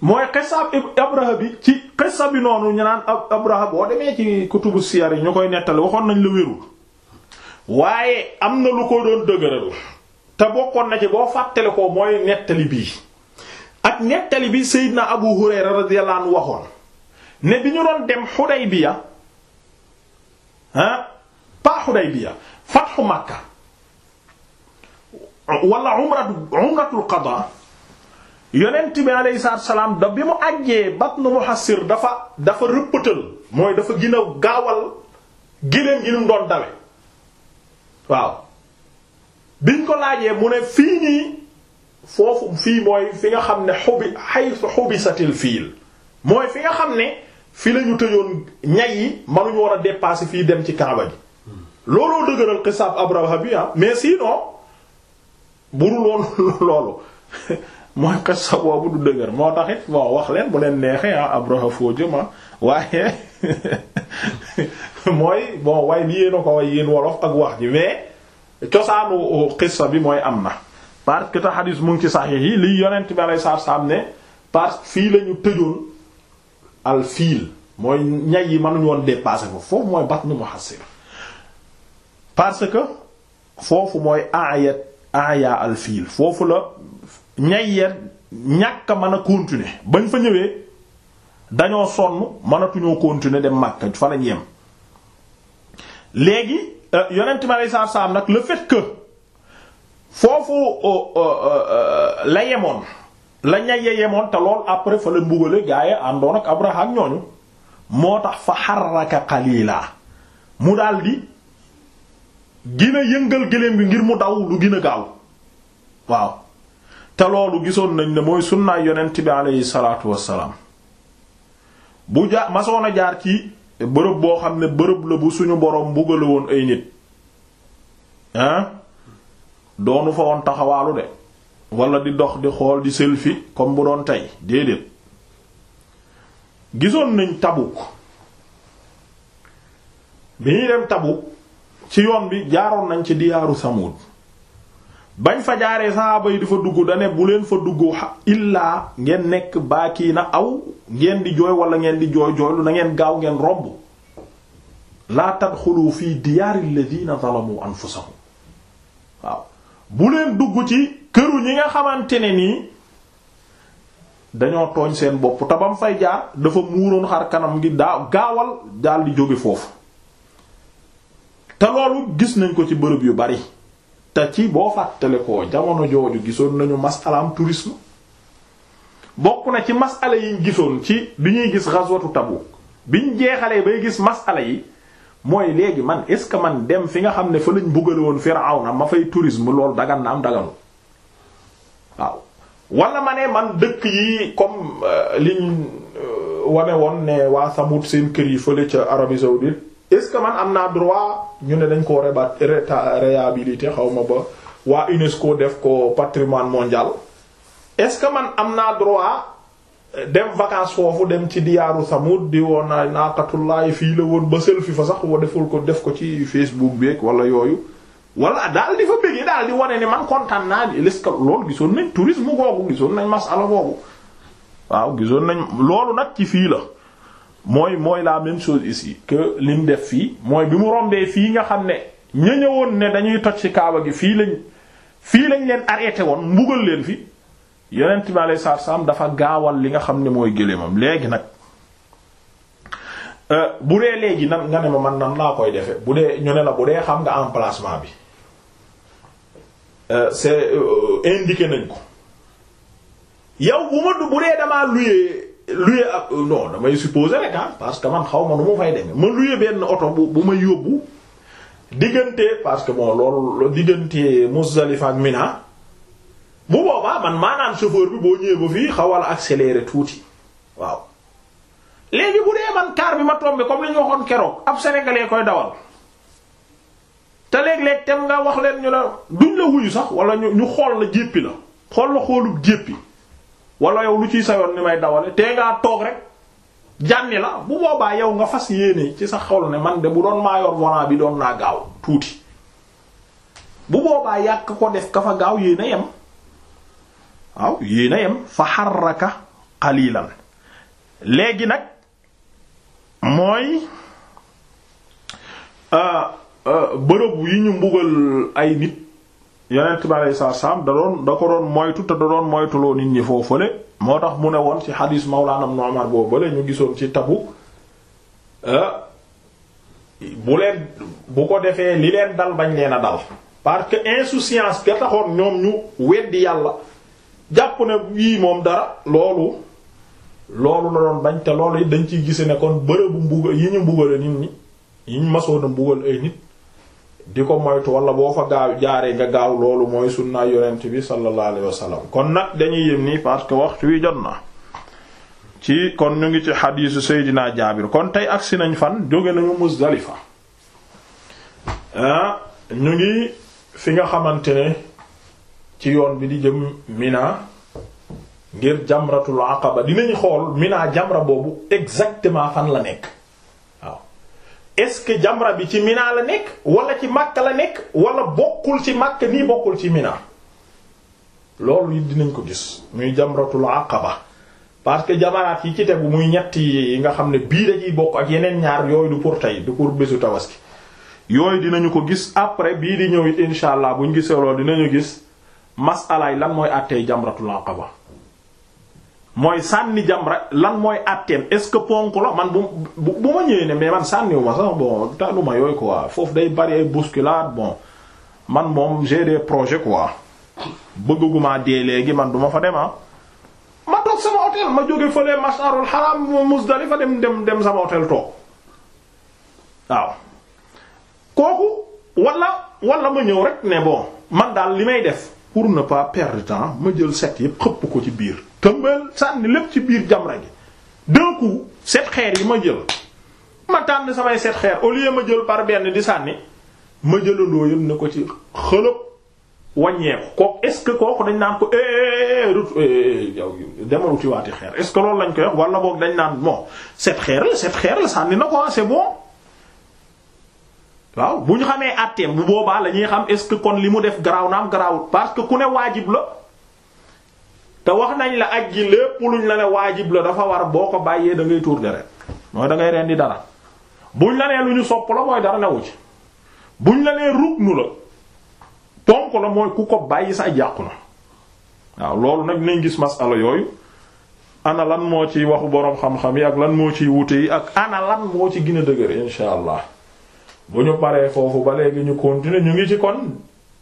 mooy xisab Abraha bi ci xisa bi noonu ñu naan Abraha boo demee ci kutubu siyar yi ñu koy nettali waxoon nañ la wérul waaye am na lu ko doon dëgëral te bokkoon na ci boo fàttale mooy nettali bii ak nettali bi Seydina Abu Hurayra radiyallahu waxoon ne bi ñu doon dem Hudaybiya ah pas Hudaybiya fathu Makka wala umratu umratul qada yonent bi alayhi salaatu salaam da bi mu àjjee batnu muhassir dafa dafa rëppatal mooy dafa gën gaawal giléem gi nu dawe waaw biñ ko laajee mu ne fii nii foofu fii mooy fi nga xam ne xubi haythu xubisatil fiil mooy fi nga xam ne fi la ñu tëjoon ñay yi mënuñu war a dépasser fii dem ci Kaaba gi looloo dëgëral xisaab Abraha bi ah, mais sinon burul woon [LAUGHS] loolu mooy xes boobu du dëgër moo taxit bon wax leen bu leen neexee ah Abraha foo jëma waaye [LAUGHS] mooy bon way bi yéen ko way yéen wolof ak wax ji mais cosaanu xissa bi mooy am na parce que te xadis mu ngi ci saxiix yi liy yonent bi alei saatu salaam ne parce que fii la ñu tëjoon al fiil mooy ñay yi mënuñu woon dépasser foofu foofu mooy bat nu muhassir parce que foofu mooy aayat aaya al fiil foofu la ñayyeen ñàkk a mën a continuer bañ fa ñëwee dañoo sonn mënatuñoo continuer dem Makka fa lañ yem léegi euh, yonent mi aleyhi salaatu salaam nag le fet que foofu euh, euh, la yemoon la ñayye yemoon te lool après fa la mbugale gaa àndoon ak Abraha ak ñooñu moo tax fa xarraka xalila mu daldi gën a yëngal gëléem gi ngir mu daw lu gën a gaaw waaw te loolu gisoon nañ ne mooy sunnaay yonent bi aleyhi salaatu wassalaam bu ja masoon a jaar ci bërëb boo xam ne bërëb la bu suñu boroom mbugale woon ay nit hein doonu fa woon taxawaalu de wala di dox di xool di selfie comme bu doon tey déedéet gisoon nañ Tabuk bi ñuy dem Tabuk ci yoon bi jaaroon nañ ci diyaaru Samud bañ fa jaaree saxaaba yi di fa dugg dane bu leen fa dugg illaa ngeen nekk baakii na aw ngeen di jooy wala ngeen di jooy jooylu na ngeen gaaw ngeen robb laa tadxulu fii diyaari alladhina zalamu anfusahum waaw bu leen dugg ci këru ñi nga xamante ne nii dañoo tooñ seen bopp te bam fay jaar dafa muuroon xar kanam ngi daa gaawal daal di jóge foofu te loolu gis nañ ko ci bërëb yu bari ci boo fàttale ko jamono jooju gisoon nañu masalaam tourisme bokk na ci masala yiñ gisoon ci bi ñuy gis ghazwatu Tabuk biñ jeexalee bay gis masala yi mooy léegi man est ce que man dem fi nga xam ne fa lañ bugale woon Firawna ma fay tourisme loolu dagan na am daganu waaw wala ma ne man dëkk yi comme euh, liñ euh, wane woon ne waa Samut seen kër yi fële ca Arabie saoudite est-ce que man am naa droit ñu ne dañ koo réba réhabilité xaw ma ba waa UNESCO def ko patrimoine mondial est-ce que man am naa droit euh, dem vacances foofu dem ci diyaaru Samud di woon naa naaqatullaayi fii la woon ba selfie fa sax wa deful ko def ko ci Facebook beeg wala yooyu wala daal di fa bëggee daal di wane ne man kontaan naa est-ce que loolu gisoon nañ tourisme googu gisoon nañ masala googu waaw gisoon nañ loolu nag ci fii la mooy mooy la même chose ici que li def fii mooy bi mu rombee fii nga xam ne ña ñëwoon ne dañuy toj ci kaaba gi fii lañ fii lañ leen arrêté woon mbugal leen fii yeneen bi alayhi salaatu salaam dafa gaawal li nga xam ne mooy gëléemam léegi nag euh, bu dee léegi nan nga ne ma man nan laa koy defee bu dee ñu ne la bu dee xam nga emplacement bi euh, c'est euh, indiqué nañ ko yow bu ma bu dee damaa luyee luye ak euh, non damay supposer rek ah parce que man xaw ma nu mu fay demee ma luye benn oto bu bu ma yóbbu diggante parce que bon loolu diggante Muzdalifa ak Mina bu boobaa man maanaam chauffeur bi boo ñëwee ba fii xawal accélérer tuuti waaw léegi bu dee man car bi ma tombé comme li ñu waxoon keroog ab sénégalais koy dawal te léeg-léeg tem nga wax leen ñu la duñ la wuyu sax wala ñu ñu xool la jéppi la xool la xoolub jéppi wala yow lu ciy sayoon ni may dawale tee ngaa toog rek jànni la bu boobaa yow nga fas yéene ci sa xol ne man de bu doon maa yor bi doon naa gaaw tuuti bu boobaa yàq ko def ka fa gaaw yéen a yem waaw yéen a yem fa xarraka qalilan léegi nag mooy euh, euh, bërëb yi ñu mbugal ay nit yonent bi aleyhi salaatu salaam da doon da ko doon moytu te da doon moytuloo nit ñi foofale moo tax mu ne woon ci xadiis Mawlaana Ibn Umar boobale ñu gisoon ci Tabuk euh, bu leen bu ko defee li leen dal bañ leen a dal parce que insouciance ga ñoom ñu weddi yàlla jàpp na yii moom dara loolu loolu la doon bañ te loolu yi dañ ciy gisee ne kon bërëbu mbugal yi ñu mbugale nit ñi yi ñu masoon a mbugal ay nit di ko moytu wala boo fa gaaw jaaree nga gaaw loolu mooy sunnaa yonent bi sallallahu alayhi wa sallam kon nag dañu yëm nii parce que waxtu wi jot na ci kon ñu ngi ci xadiisu Seydina Jaabir kon tey agsi nañ fan jóge nañu Muzdalifa ah ñu ngi fi nga xamante ne ci yoon bi di jëm Mina ngir jamratul aqaba dinañ xool Mina jamra boobu exactement fan la nekk est-ce que jamra bi ci Mina la nekk wala ci Makka la nekk wala bokkul ci Makka nii bokkul ci Mina loolu it dinañ ko gis muy jamratul Aqaba parce que jamaraat yi ci tegu muy ñetti yi nga xam ne bii dañuy bokk ak yeneen ñaar yooyu du pour tey du pour bésu tabaski yooyu dinañu ko gis après bii di ñëw it insha allah buñ gisee loolu dinañu gis masalaay lan mooy àttee jamratul Aqaba mooy sànni jamra lan mooy àtteem est-ce que ponk la man bu bu ma ñëwee ne mais man sànniwu ma sax bon taaluma yooyu quoi foofu day bari ay bousculade bon man moom j'ai projet projets quoi bëgguma léegi man du ma fa dem ah. ma toog ma jóge fële Masharul dem dem dem sama hôtel toog waaw kooku wala wala ma ñëw rek ne bon man daal li may def pour ne pas perdre temps ma jël set yépp xëpp ko ci biir. tëmbal sànni lépp ci biir jamra gi d'un coup set xeer yi ma jël ma tànn samay set xeer au lieu ma jël par benn di sànni ma jëlandoo yëpp ne ko ci xëlëb wàññeeku ko est ce que kooku dañ naan ko eh, eh, eh, rut yow demal utiwaati xeer est ce que lañ koy wax wala boog dañ naan bon set la sànni na ko ah, c'est bon waaw bu ñu xamee àtteem bu boobaa la ñuy xam est kon li mu def garaaw naam garaawul parce que ku ne waajib la. te wax nañ la ak ji lépp luñ la ne waajib la dafa war boo ko bàyyee da ngay tuur deret mooy da ngay rendi dara buñ la nee lu ñu sopp la mooy dara newu ci buñ la nee ruknu la ponk la mooy ku ko bàyyi sa ay yàqu na waaw loolu nag nañ gis masala yooyu ana lan moo ci waxu boroom xam-xam yi ak lan moo ciy wute yi ak ana lan moo ci gin a dëgër insha allah bu ñu paree foofu ba léegi ñu continuer ñu ngi ci kon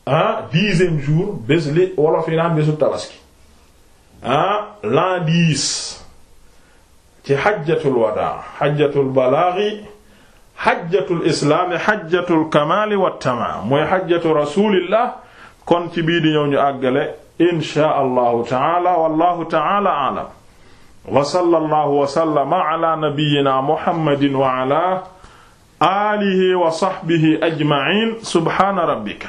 ah jour bés li wolof yi naan bésu tabaski ah l'an dix ci xajjatul wadaa xajjatul balaagi xajjatul islaami xajjatul kamaali wa tamaam mooy xajjatu rasulillah kon ci bii di ñëw ñu àggale inshaa allahu taala wallahu taala aalam wa sallallahu wa sallama ala nabiyyina muhammadin wa ala alihi wa sahbihi ajma'in subhaana rabbika